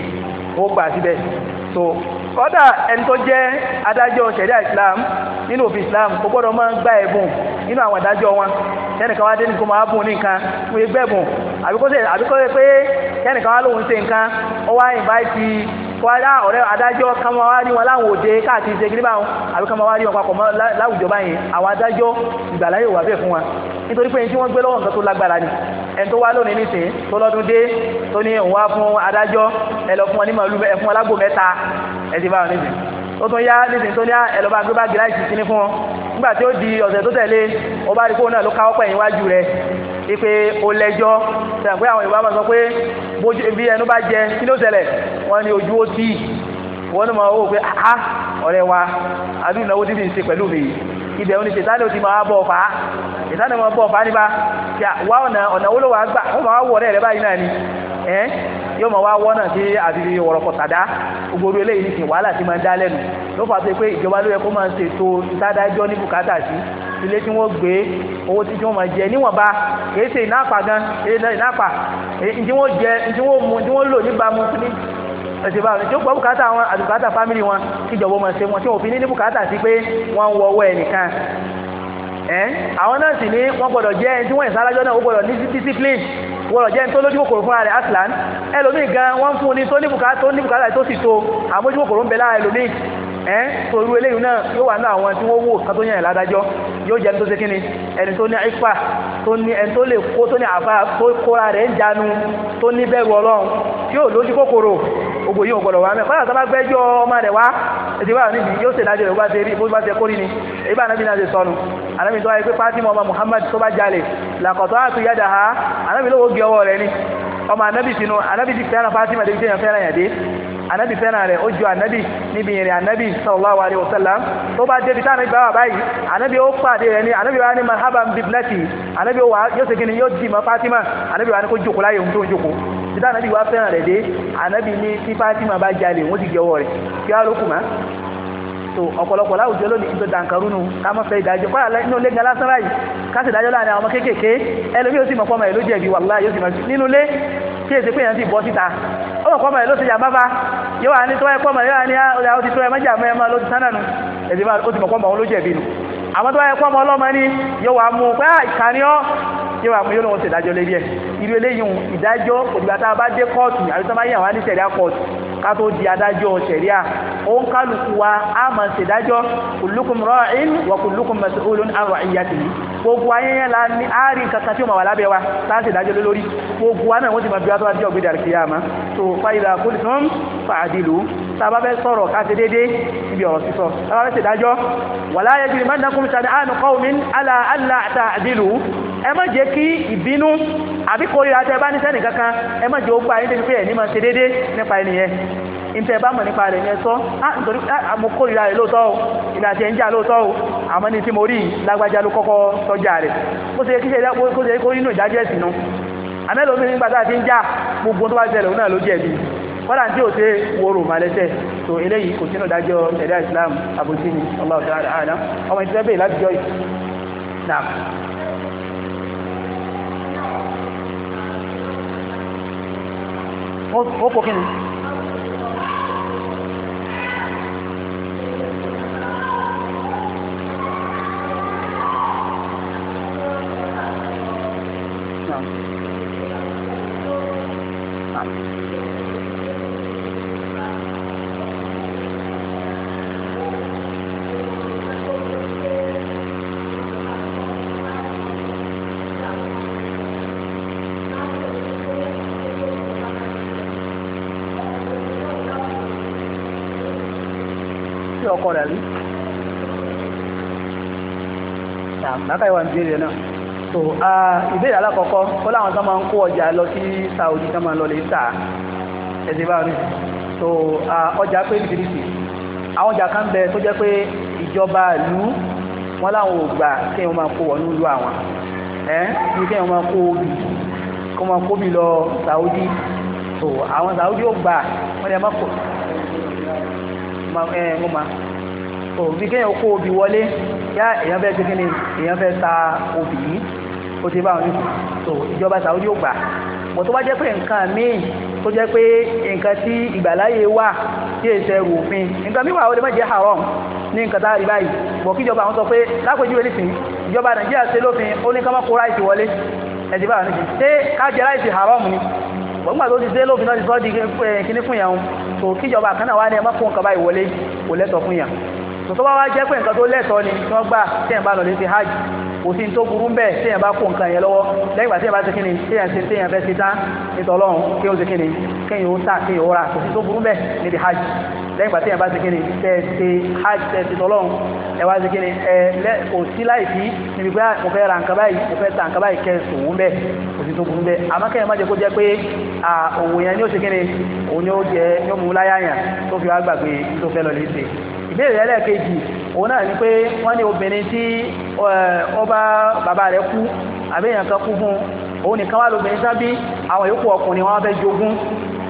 ó gbà síbẹ̀ so kódà ẹni tó jẹ́ adájọ́ ṣẹ̀ríà Islam nínú òfin Islam kò gbọ́dọ̀ máa ń gba ẹ̀bùn nínú àwọn adájọ́ wọn kẹ́nìkan wá dé nìkan máa bùn ní nǹkan fún ẹgbẹ́ ẹ̀bùn àbíkọ́sẹ̀ pé kẹ́nìkan wá lóun ṣe nǹkan ó wá ìbáyìí wáyá ọ̀rẹ́ adájọ́ kama wá rí wọn láwọn òde káàkiri ṣe gíríbà wọn àbí kama wá rí wọn papọ̀ láwùjọ báyìí àwọn adájọ́ ìgbàláyè wà bẹ́ẹ̀ fún wa nítorí pé tí wọ́n gbé lọ́wọ́ nǹkan tó lágbára ni ẹni tó wá lónìí nìsín tó lọ́dún dé tó ní òun wá fún adájọ́ ẹ lọ fún wọn ní màálù ẹ fún wọn lágbo mẹ́ta ẹ ti bá wọn nísìn ó tún yá nísìn tó ní ah, ẹ̀lọ́ bá gbé bá gíláì sí kíní fún ọ nígbà tí ó di ọ̀sẹ̀ tó tẹ̀lé ó bá rí kóun náà ló káwọ́ pẹ̀yìn wájú rẹ̀ ipe ó lẹ́jọ́ sẹ̀rẹ̀ pé àwọn Yorùbá máa sọ pé bí ẹnu bá jẹ kí ló ṣẹlẹ̀ wọ́n ní ojú ó tíì wọ́n ní mo wò pé ah ọ̀rẹ́ wa adúlù náà ó dídì ń ṣe pẹ̀lú mi ibẹ̀ òní ṣètánì ò ti máa bọ̀ ọ̀fà ṣètánì máa bọ̀ ọ̀fà nípa yà wá ọ̀nà ọ̀nà wo ló wàá gbà ó máa wọ ọ̀rẹ́ rẹ báyìí náà ni ẹ yóò máa wá wọ́ náà sí àti wọ̀rọ̀kọ̀ sàdá gbogbo eléyìí ní sìn wàhálà ti máa dá lẹ́nu ló fà á sí pé ìjọba ló yẹ kó máa ṣètò ìdádájọ́ ní bùkátà sí ilé tí wọ́n gbé owó tí wọ́n máa jẹ níwọ̀nba kìí ṣe ìnápa gan ìnápa ìdí jẹ ìdí wọ́n mu lò níbàámu ẹ̀sìn báwọn ní tí ó gbọ́ bùkátà àwọn àdùkátà wọn kí ìjọba ọmọ ṣe wọn tí wọn fi ní ní bùkátà sí pé wọ́n wọ ọwọ́ ẹnìkan ẹ̀ àwọn náà sì ní wọ́n gbọ́dọ̀ jẹ́ ẹni tí wọ́n ìsárájọ́ náà ó gbọ́dọ̀ ní discipline wọ́n jẹ́ tó lójú kòkòrò fúnra rẹ̀ aslan ẹlòmíì gan wọ́n fún ní tó ní bùkátà tó sì tó àmójú kòkòrò ń bẹ lára ẹlòmíì ẹ́ tó eléyìí náà yóò wà ní àwọn tí wọ́n wò ká yàn ládájọ́ yóò jẹ́ tó ṣe kíni ẹni tó ní ipa tó ní ẹni tó lè kó tó ní àfa tó kóra rẹ̀ ń janu tó ní bẹ́ẹ̀ wọ́lọ́run tí yóò lójú kòkòrò gbogbo yìí ò gbọdọ̀ wá mẹ́rin kọ́lá tó bá gbẹ́jọ́ ọmọ rẹ̀ wá ètò ìwà níbi yóò ṣe ìdájọ́ rẹ̀ bó bá ṣe rí bó bá ṣe kórìí ni èyí bá anábì náà ṣe sọnù anábì tó wáyé pé Fatima ọmọ Muhammad tó bá jalè làkọ̀tọ́ àtúnyàdà ha anábì lówó gé ọwọ́ rẹ̀ ni ọmọ anábì sínú anábì ti fẹ́ràn Fatima débi tí èèyàn fẹ́ràn yàn dé anabi fẹ́ràn rẹ̀ ó ju anabi níbi ìrìn sallallahu alayhi wa sallam tó bá débi tá anabi bá wà báyìí anabi ó pàdé rẹ̀ ní anabi wa ní marhaban biblati anabi ó wà yóò ṣe kí ni yóò dì mọ́ Fatima anabi wa ní kó jókòó láyé òun títà ànábì wá fẹ́ràn rẹ̀ dé ànábì ní tí Fátímà bá jalè wọ́n ti jẹ́wọ́ rẹ̀ kí á lókùn má so ọ̀pọ̀lọpọ̀ láwùjọ lónìí ìjọ dànkarú nù ká má fẹ́ ìdájọ́ kọ́ra inú ilé gan lásán báyìí ká sì dájọ́ láàrin àwọn ọmọ kéékèèké ẹlòmíì ó sì mọ̀ fọ́mọ ẹ̀ ló jẹ̀bi wàláhì yóò sì mọ̀ nínú ilé kí èsì pé èèyàn sì bọ́ síta ó mọ̀ fọ́mọ ẹ̀ ló ti yà máfa yóò wá ní tó wáyé fọ́mọ yóò wá ah, ó ti tó ẹ mọ́jà mọ́ ẹ máa ló ti sánà nù ẹ̀sìn ó ti mọ̀ fọ́mọ òun àwọn tó bá yẹ kó ọmọ ọlọ́mọ ní yóò wá mú pé ah, ìkànnì ọ́ yóò wá mú yóò lọ́wọ́ ṣèdájọ́ lórí ẹ̀ irú eléyìí ìdájọ́ òdìgbà tá a bá dé kóòtù àbí tó bá yẹ ní ṣẹ̀ríà kóòtù ká tó di adájọ́ ṣẹ̀ríà òun kálukú wa á mọ̀ ṣèdájọ́ kullukum ra'in wa kullukum mas'ulun an ra'iyatihi gbogbo ayẹyẹ la ní àárín kankan tí ó máa wà lábẹ́ wa tá a ṣe dájọ́ lórí gbogbo wa wọ́n ti máa bí wa tó bá dé ọ̀gbẹ́dẹ̀ àríkìyà àmọ́ tó fáyìlà kúlùtùm fa'adilu tàbá fẹ́ sọ̀rọ̀ ká ṣe dédé níbi ọ̀rọ̀ sísọ tàbá fẹ́ ṣèdájọ́ wala yajrimannakum shana'anu qawmin ala alla ta'dilu ẹ má jẹ́ kí ìbínú àbí kórìíra tẹ bá ní sẹ́nì kankan ẹ má jẹ́ ó gbà yín débi pé ẹ̀ ní máa ṣe dédé nípa ẹnìyẹn ìtẹ́ bá mọ̀ nípa rẹ̀ ní ẹ̀sọ́ ah, nítorí ah, mo kórìíra rẹ̀ lóòótọ́ o ìlà àti ẹ̀ńjà lóòótọ́ o àmọ́ ní tí mo rí lágbájá ló kọ́kọ́ sọ́jà rẹ̀ bó ṣe kí ṣe kó nínú ìdájọ́ ẹ̀sìn nu àmẹ́lòmí nígbà tá a ti ń jà gbogbo tó bá ṣẹlẹ̀ kọ́dà tí ó tẹ́ wòrò So, tó eléyìí kò sínú dájọ́ ẹ̀dá islam àbòsí ni allah ta'ala alam ọmọ ìtẹ́ bẹ́ẹ̀ láti jọ yìí náà ó kò kí ni Hmm. lákàyè wà ń béèrè náà so ìbéèrè alákọ̀ọ́kọ́ ó láwọn tó máa ń kó ọjà lọ sí Saudi tó máa ń lọ lè tà ẹ̀sẹ̀ bá rí so ọjà pé bìrìsì àwọn ọjà kan bẹ tó jẹ́ pé ìjọba ìlú wọn láwọn ò gbà kí wọn máa kó wọnú ìlú àwọn ẹ ní kí wọn máa kó obì kó máa kó obì lọ Saudi so àwọn Saudi ò gbà wọn lè má kó ẹ wọn máa so bí kéèyàn kó obì wọlé yá èèyàn fẹ́ ṣe kíni èèyàn fẹ́ ta obì yìí ó ti bá wọn yìí tó ìjọba Saudi ó gbà bọ̀ tó bá jẹ́ pé nǹkan míì tó jẹ́ pé nǹkan tí ìgbàláyé wà tí èsì ẹrù òfin nǹkan míì wà ó lè má jẹ́ haram ní nǹkan tá a rí báyìí bọ̀ kíjọba àwọn sọ pé lápèjúwe nísìnyí ìjọba Nàìjíríà ṣe lófin ó ní ká má kó ráìsì wọlé ẹ ti bá wọn nísìnyí ṣé ká jẹ ráìsì haram ni gbọ́ngbà tó ti dé lófin náà ti sọ́ di kíní fún yàn tó kíjọba kan náà wá ní ẹ má fún nǹkan báyìí wọlé kò lẹ́tọ̀ fún yàn tó bá wá jẹ́ pé nǹkan tó lẹ́tọ̀ọ́ ni tí wọ́n gbà téèyàn bá lọ lè ṣe hajj kò sí tó burú bẹ́ẹ̀ téèyàn bá kó nǹkan yẹn lọ́wọ́ lẹ́yìn ìgbà téèyàn bá ṣe kíni téèyàn ṣe téèyàn fẹ́ ṣe tán nítọ́lọ́run kí ó ṣe kíni kéèyàn ó tà kéèyàn ó rà kò sí tó burú bẹ́ẹ̀ níbi hajj lẹ́yìn ìgbà téèyàn bá ṣe kíni tẹ́ ṣe hajj tẹ́ ṣe tọ́lọ́run ẹ wá ṣe kíni ẹ lẹ́ kò sí láì fi níbi pé ah, mo fẹ́ ra nǹkan báyìí mo fẹ́ ta nǹkan báyìí kẹ́ sòwò ń bẹ́ẹ̀ kò sí tó burú bẹ́ẹ̀ àmọ́ kéèyàn má jẹ́ kó jẹ́ pé òwò yẹn ni ó ṣe kíni òun ìbéèrè ẹlẹ́ẹ̀kejì òun náà ni pé wọ́n ní obìnrin tí ọba bàbá rẹ̀ kú àbẹ́yàn kan kú fún òun nìkan wá lóbìnrin sábí àwọn yòókù ọkùnrin wọn fẹ́ jogún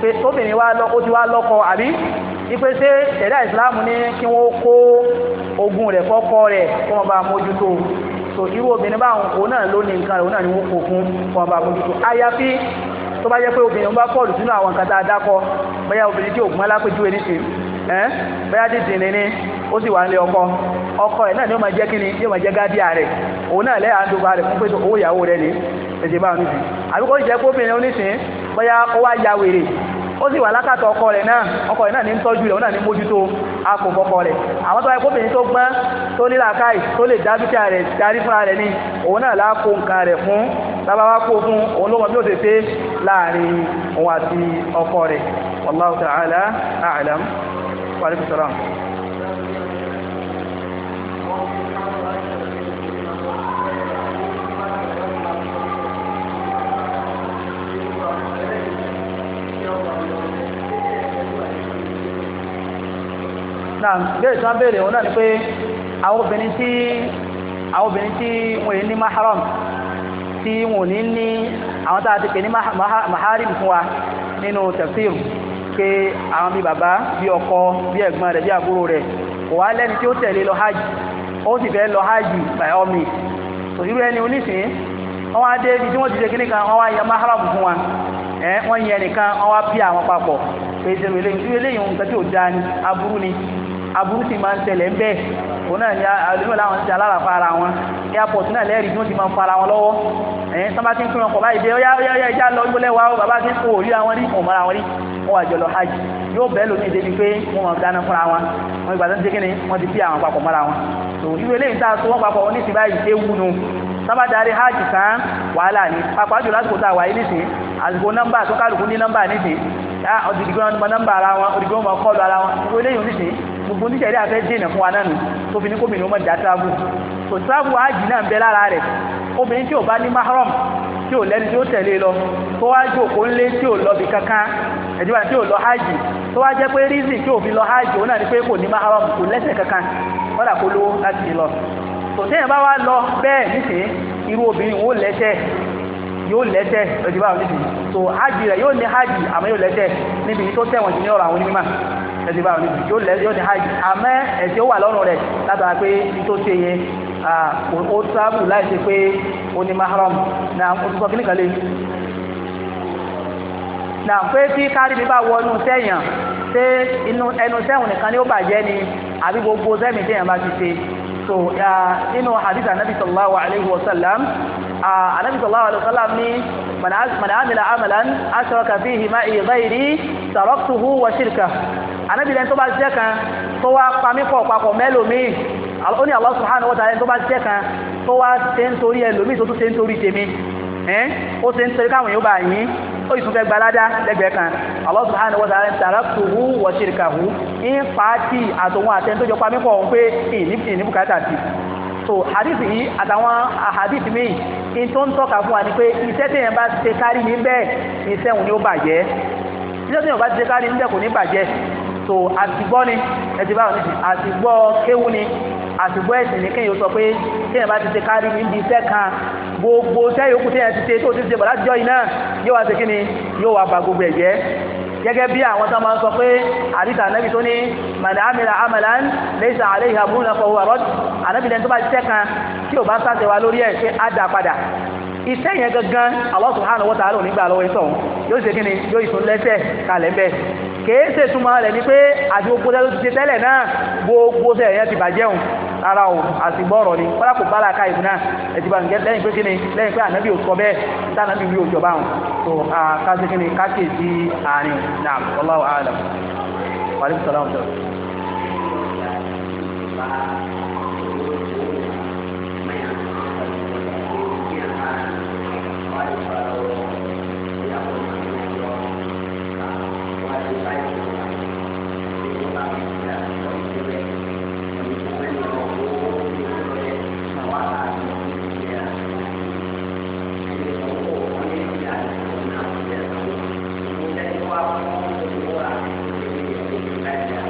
pé tóbìnrin wá lọ ó ti wá lọ́kọ àbí ipe ṣé ṣẹ̀dá ìsìláàmù ní kí wọ́n kó ogún rẹ̀ fọ́kọ rẹ̀ so irú obìnrin báwọn òun náà ló ní ni wọ́n kó fún kí wọ́n bá mójútó àyàfi tó bá jẹ́ pé obìnrin bá pọ̀lù sínú àwọn nǹkan tá a dákọ bóyá obìnrin tí ògùn alápèjúwe níṣe ẹ́ bẹ́yà dìtì ní ní ó sì wà nílé ọkọ ọkọ ẹ̀ náà ni ó máa jẹ́ n'i yóò máa jẹ́ òun náà lẹ́yà ń dùgbà rẹ̀ fún pé owó ìyàwó rẹ̀ ní ẹ̀jẹ̀ bá nìsín àbíkó jẹ́ kóbìnrin onísìn bẹ́yà ó wá ya wèrè ó sì wà lákàtọ̀ ọkọ rẹ̀ náà ọkọ rẹ̀ náà ní ń tọ́jú rẹ̀ òun náà mójútó rẹ̀ àwọn tó wáyé tó gbọ́n tó ní làákàyè tó lè dá dúkìá rẹ̀ darí fúnra rẹ̀ òun náà nǹkan rẹ̀ fún tábàwá kó fún òun ló mọ bí Na salam náà bẹ́ẹ̀ tí wọ́n béèrè wọn náà ni pé àwọn obìnrin tí àwọn obìnrin tí wọ́n yìí ní maharam tí wọ́n ti pè ní fún wa pé àwọn bíi bàbá bíi ọkọ bíi ẹ̀gbọ́n rẹ̀ bíi àbúrò rẹ̀ kò wá lẹ́ni tí ó tẹ̀lé lọ hajj ó sì fẹ́ lọ hajj by all means òṣìṣẹ́ ẹni onísìn wọ́n wá dé ibi tí wọ́n ti ṣe kíní kan wọ́n wá yan mahram fún wa ẹ wọ́n yan nìkan wọ́n wá bí àwọn papọ̀ pé ìṣèlú eléyìí nǹkan tí ò dáa ni aburú ni aburú sì máa ń tẹ̀lé ń bẹ́ẹ̀ òun náà ni àlùmọ̀ làwọn ti alára fa ara wọn airport náà lẹ́rìí tí wọ́n ti máa ń fa ara wọn lọ́wọ́ ẹ̀yìn sábà ti ń pín wọn kọ̀ báyìí dé ó yá ó yá ìjà lọ ibùdó lẹ́wà ó bàbá ti ń kó òrí àwọn rí òun mọ́ra rí wọ́n wà jọlọ hajj yóò bẹ́ẹ̀ lómi débi pé wọ́n mọ̀ dáná fúnra wọn wọ́n ìgbà tó ń ṣe kíni wọ́n ti fi àwọn papọ̀ mọ́ra wọn tó irú eléyìí tá a so wọ́n papọ̀ wọn ní ìsìn báyìí ewu nu sábàdarí hajj kan wàhálà ni pàápàá jù lásìkò tá a wà yìí nìsín àsìkò nọ́mbà tó kálukú ní nọ́mbà nìsín ọdìgbò nọ́mbà ara wọn ọdìgbò mọ̀ kọ́ọ̀lù ara wọn irú eléyìí nìsín gbogbo oníṣẹ̀rí àfẹ́ dènà fún wa náà nù tó fi ní kó mìíràn mọ̀ dá travel so travel ájì náà ń bẹ lára rẹ̀ obìnrin tí ò bá ní mahram tí ò lẹ́ni tí ó tẹ̀lé lọ tó wá jókòó ńlé tí ò lọ bì kankan ẹ̀dínwá tí ò lọ hajj tó wá jẹ́ pé reason tí ò fi lọ hajj òun náà ni pé kò ní mahram kò lẹ́sẹ̀ kankan kọ́dà kó lówó láti lọ tòtẹ́yìn bá wá lọ bẹ́ẹ̀ nísìnyí irú obìnrin òun lẹ́sẹ̀ yóò lẹ́tẹ̀ lọ́jọ́ báwọn níbi so hajj rẹ̀ yóò ní hajj àmọ́ yóò lẹ́tẹ̀ níbi tó tẹ̀wọ̀n jù ní ọ̀rọ̀ àwọn onímọ̀ lọ́jọ́ báwọn níbi yóò lẹ́ yóò ní hajj àmọ́ ẹ̀sìn ó wà lọ́rùn rẹ̀ látara pé ibi tó ṣe yẹn ó tábù láì pé ó ní mahram náà ó tún sọ kí nìkan lé náà pé tí kárí mi bá wọnú sẹ́yìn ṣé inú ẹnu sẹ́wọ̀n nìkan ni ó bàjẹ́ ni àbí gbogbo sẹ́mi sẹ́yìn bá ti ṣe so inú hadith anabi sallallahu alayhi wa sallam anabi sallallahu alayhi wa sallam ni man amila amalan ashraka fihi ma'i ghairi taraktuhu wa shirka anabi lẹ́ni tó bá jẹ́ kan tó wá pamí pọ̀ papọ̀ mẹ́lòmíì ó ní Allah subhanahu wa ta'ala lẹ́ni tó bá jẹ́ kan tó wá ṣe ń torí ẹlòmíì tó tún ṣe ń torí tèmi ó ṣe ń torí káwọn yóò ó yìí tún fẹ́ gbalada lẹ́gbẹ̀ẹ́ kan Allah subhanahu wa ta'ala taraktuhu wa hu ń pàtì àtòun àtẹnudọ́jọ́ pamí pọ̀ ń pé ìní bùkátà sí so hadithi yìí àtàwọn hadithi mi in tó ń tọ́ka fún wa ni pé iṣẹ́ tí èèyàn bá ṣe kárí yìí bẹ́ẹ̀ iṣẹ́ òun ni ó bàjẹ́ iṣẹ́ tí èèyàn bá ṣe kárí yìí bẹ́ẹ̀ kò ní bàjẹ́ so àtìgbọ́ ni ẹ ti bá wọn níbi àtìgbọ́ kéwú ni àsìgbọ́ ẹ̀sìn ní kéèyàn sọ pé kéèyàn bá ti ṣe kárí níbi iṣẹ́ kan gbogbo iṣẹ́ yòókù téèyàn ti ṣe tó ti ṣe bọ̀ láti jọ́ iná yóò wá ṣe kí ni yóò wá ba gbogbo ẹ̀jẹ́ gẹ́gẹ́ bí àwọn tó máa ń sọ pé àdìsá anábì tó ní man amila amalan laysa alayhi amruna fahuwa radd anábì lẹ́ni tó bá ṣiṣẹ́ kan tí ò bá sáṣẹ wa lórí ẹ̀ ṣe á dà padà iṣẹ́ yẹn gangan Allah subhanahu wa ta'ala nígbà lọ́wọ́ ẹ̀ sọ̀hún yóò ṣe kí ni yóò ìtúnlẹ́sẹ̀ kalẹ̀ bẹ́ẹ̀ kèé ṣe túmọ̀ rẹ̀ ni pé àti gbogbo sẹ́yìn tó ti ṣe tẹ́lẹ̀ náà gbogbo sẹ́yìn yẹn ti bàjẹ́ òun ara o àti gbọ́rọ̀ ni kọ́lá kò bá làákà ìlú náà ẹ̀jẹ̀ bá nìjẹ́ lẹ́yìn pé kí ni lẹ́yìn pé ànábì ò sọ bẹ́ẹ̀ tí ànábì wí òjọba òun tó ká sí kí ni Thank you.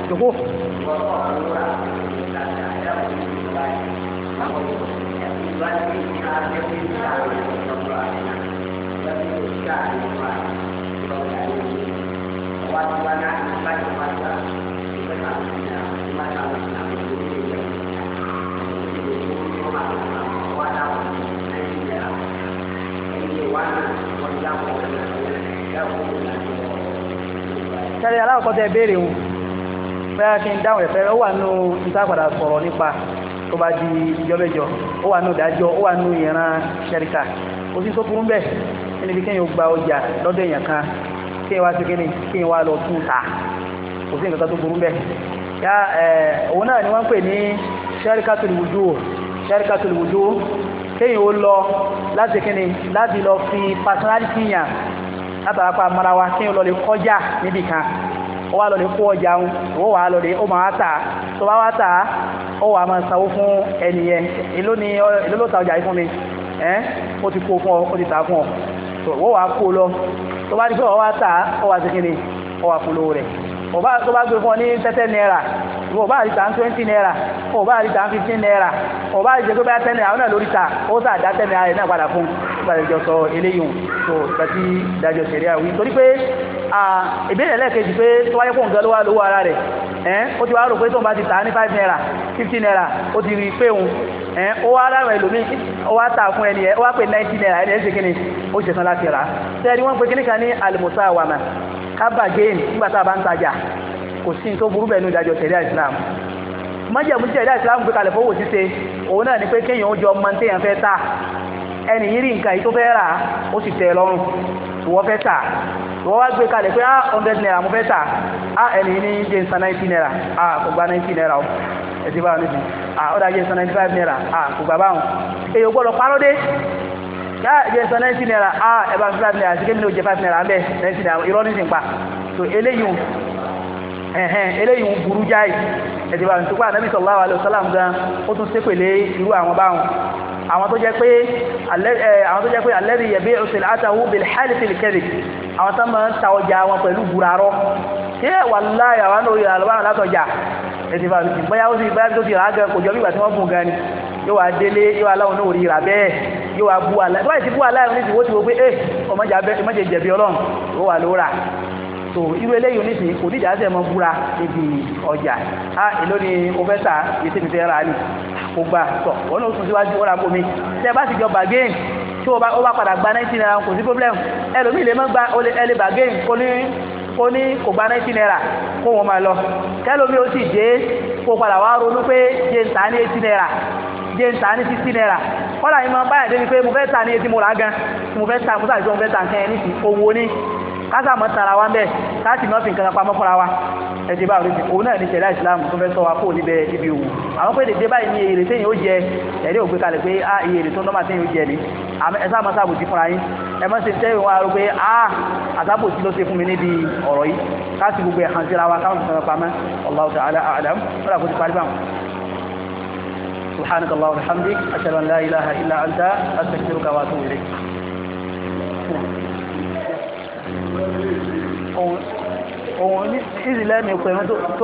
jòkó. sẹ́rẹ̀ aláwọ̀kọ́ tẹ béèrè bẹ́ẹ̀ kí n dáhùn ẹ̀fẹ́ ó wà nù ìtàpadà sọ̀rọ̀ nípa tó bá di ìjọ́mẹ́jọ ó wà nù ìdájọ́ ó wà nù ìran ṣẹ̀ríkà kò sí tó ẹni bí kéèyàn gba ọjà lọ́dọ̀ èèyàn kan kéèyàn wá sí kíni kéèyàn wá lọ tún ta kò sí nǹkan tó burú bẹ́ẹ̀ yá òun náà ni wọ́n ń pè ní ṣẹ́ríkàtul wujūh ṣẹ́ríkàtul wujūh kéèyàn ó lọ láti láti lọ fi kéèyàn lọ lè ó wá lọ lè kó ọjà ń ó wà lọ lè ó máa tà tó bá wá tà ó wà máa sanwó fún ẹni yẹn èló ni èló ló ta ọjà yìí fún mi ẹ ó ti kó fún ọ ó ti tà fún ọ ó wà kó lọ tó bá ní pé ọ wá tà ó wà sí kíni ó wà polówó rẹ̀ tó bá gbé fún ọ ní tẹ́tẹ́ náírà wọ́n bá rí ta twenty naira wọ́n bá rí ta fifteen naira wọ́n bá rí jẹ́ pé bá ten naira àwọn náà lórí ta ó sà dá ten naira rẹ̀ náà padà fún nígbà tí ìjọ sọ eléyìí tó ìgbà tí ìdájọ́ sẹ̀rí àwí torí pé ìbéèrè lẹ́ẹ̀kejì pé tó wáyé pòǹgẹ́ ló lówó ara rẹ̀ ó ti wá rò pé tó bá ti tà ní five naira fifteen naira ó ti rí pé òun ó wá ara rẹ̀ lómi ó wá tà fún ẹni ẹ̀ ó wá pé ninety naira ẹni ẹ̀ ṣe kíni ó ṣe kò sí tó burú bẹ́ẹ̀ ní ìdájọ́ sẹ̀ríà islam májẹ̀mú sẹ̀ríà islam gbé kalẹ̀ fowó ṣíṣe òun náà ni pé kéèyàn ó jọ ọmọ téèyàn fẹ́ tà ẹni yìí rí nǹkan yìí tó fẹ́ rà ó sì tẹ̀ lọ́rùn ìwọ fẹ́ tà ìwọ wá gbé kalẹ̀ pé ah hundred naira mo fẹ́ tà ah ẹni yìí ní jẹ́nsán ninety naira ah kò gba ninety naira o ẹ̀sìn báwọn níbi ah ó dà jẹ́nsán ninety five naira ah kò gbà báwọn èyí ò gbọ́dọ̀ parọ́ dé ah, jẹ́nsán ninety naira ah ẹ̀ bá five naira sí kémi ní o jẹ́ five naira ń bẹ́ẹ̀ ninety naira irọ́ nísìnyí pa so eléyìí ẹ̀hẹ́n eléyìí ń burú jáì ẹ̀dìbà nítorí pé ànábì sallallahu alaihi wasallam gan ó tún ṣépèlé irú àwọn báwọn àwọn tó jẹ́ pé àwọn tó jẹ́ pé alladhi yabi'u sil'atahu bil-halifi al-kadhib àwọn tó máa ń ta ọjà wọn pẹ̀lú burarọ́ ṣé wallahi àwọn náà yọ àlọ́ báwọn látọjà ẹ̀dìbà so irú eléyìí oníṣìí kò ní ìdásẹ̀ mọ́ búra níbi ọjà a èló ni o fẹ́ ta ètò ìfẹ́ ra ni kò gbà tọ̀ wọ́n náà sùn síwájú wọ́n ra bomi tẹ́ bá sì jọ bargain tí o bá padà gba nineteen naira kò sí problem ẹlòmíì lè má gba ẹlẹ bargain kò ní kò ní kò gba nineteen naira kó wọn máa lọ kẹlòmíì ó sì dé kó padà wá ronú pé jẹ́ ń ta ní eighteen naira jẹ́ ń ta ní sixteen naira kọ́lá yìí máa báyà débi pé mo fẹ́ ta ní etí mo rà gan mo fẹ́ ta mo sàdéjọ́ mo fẹ́ ta nǹkan kásà mọ́ tara wa ń bẹ̀ káàtì mọ́ fi nǹkan pamọ́ fúnra wa ẹ̀dẹ̀ bá rẹ̀ òun náà ní ṣẹ̀dá ìsìlámù tó fẹ́ sọ wa kó níbẹ̀ ibi òun àwọn pé dèdè báyìí ní èrè téyìn ó jẹ ẹ̀rí ògbé kalẹ̀ pé a ah, iye èrè tó nọ́mà téyìn ó jẹ ni ẹ sáà mọ́ sábòjì fúnra yín ẹ mọ́ ṣe tẹ́yìn wa rò pé a ah, àsábòjì ló ṣe fún mi níbi ọ̀rọ̀ yìí káàtì gbogbo ẹ̀ hàn síra wa káwọn fi nǹkan pamọ́ Allahu ta'ala a'lam fúnra kò ti parí báwọn. سبحانك òun ní ìsìlẹ́mì pẹ̀lú tó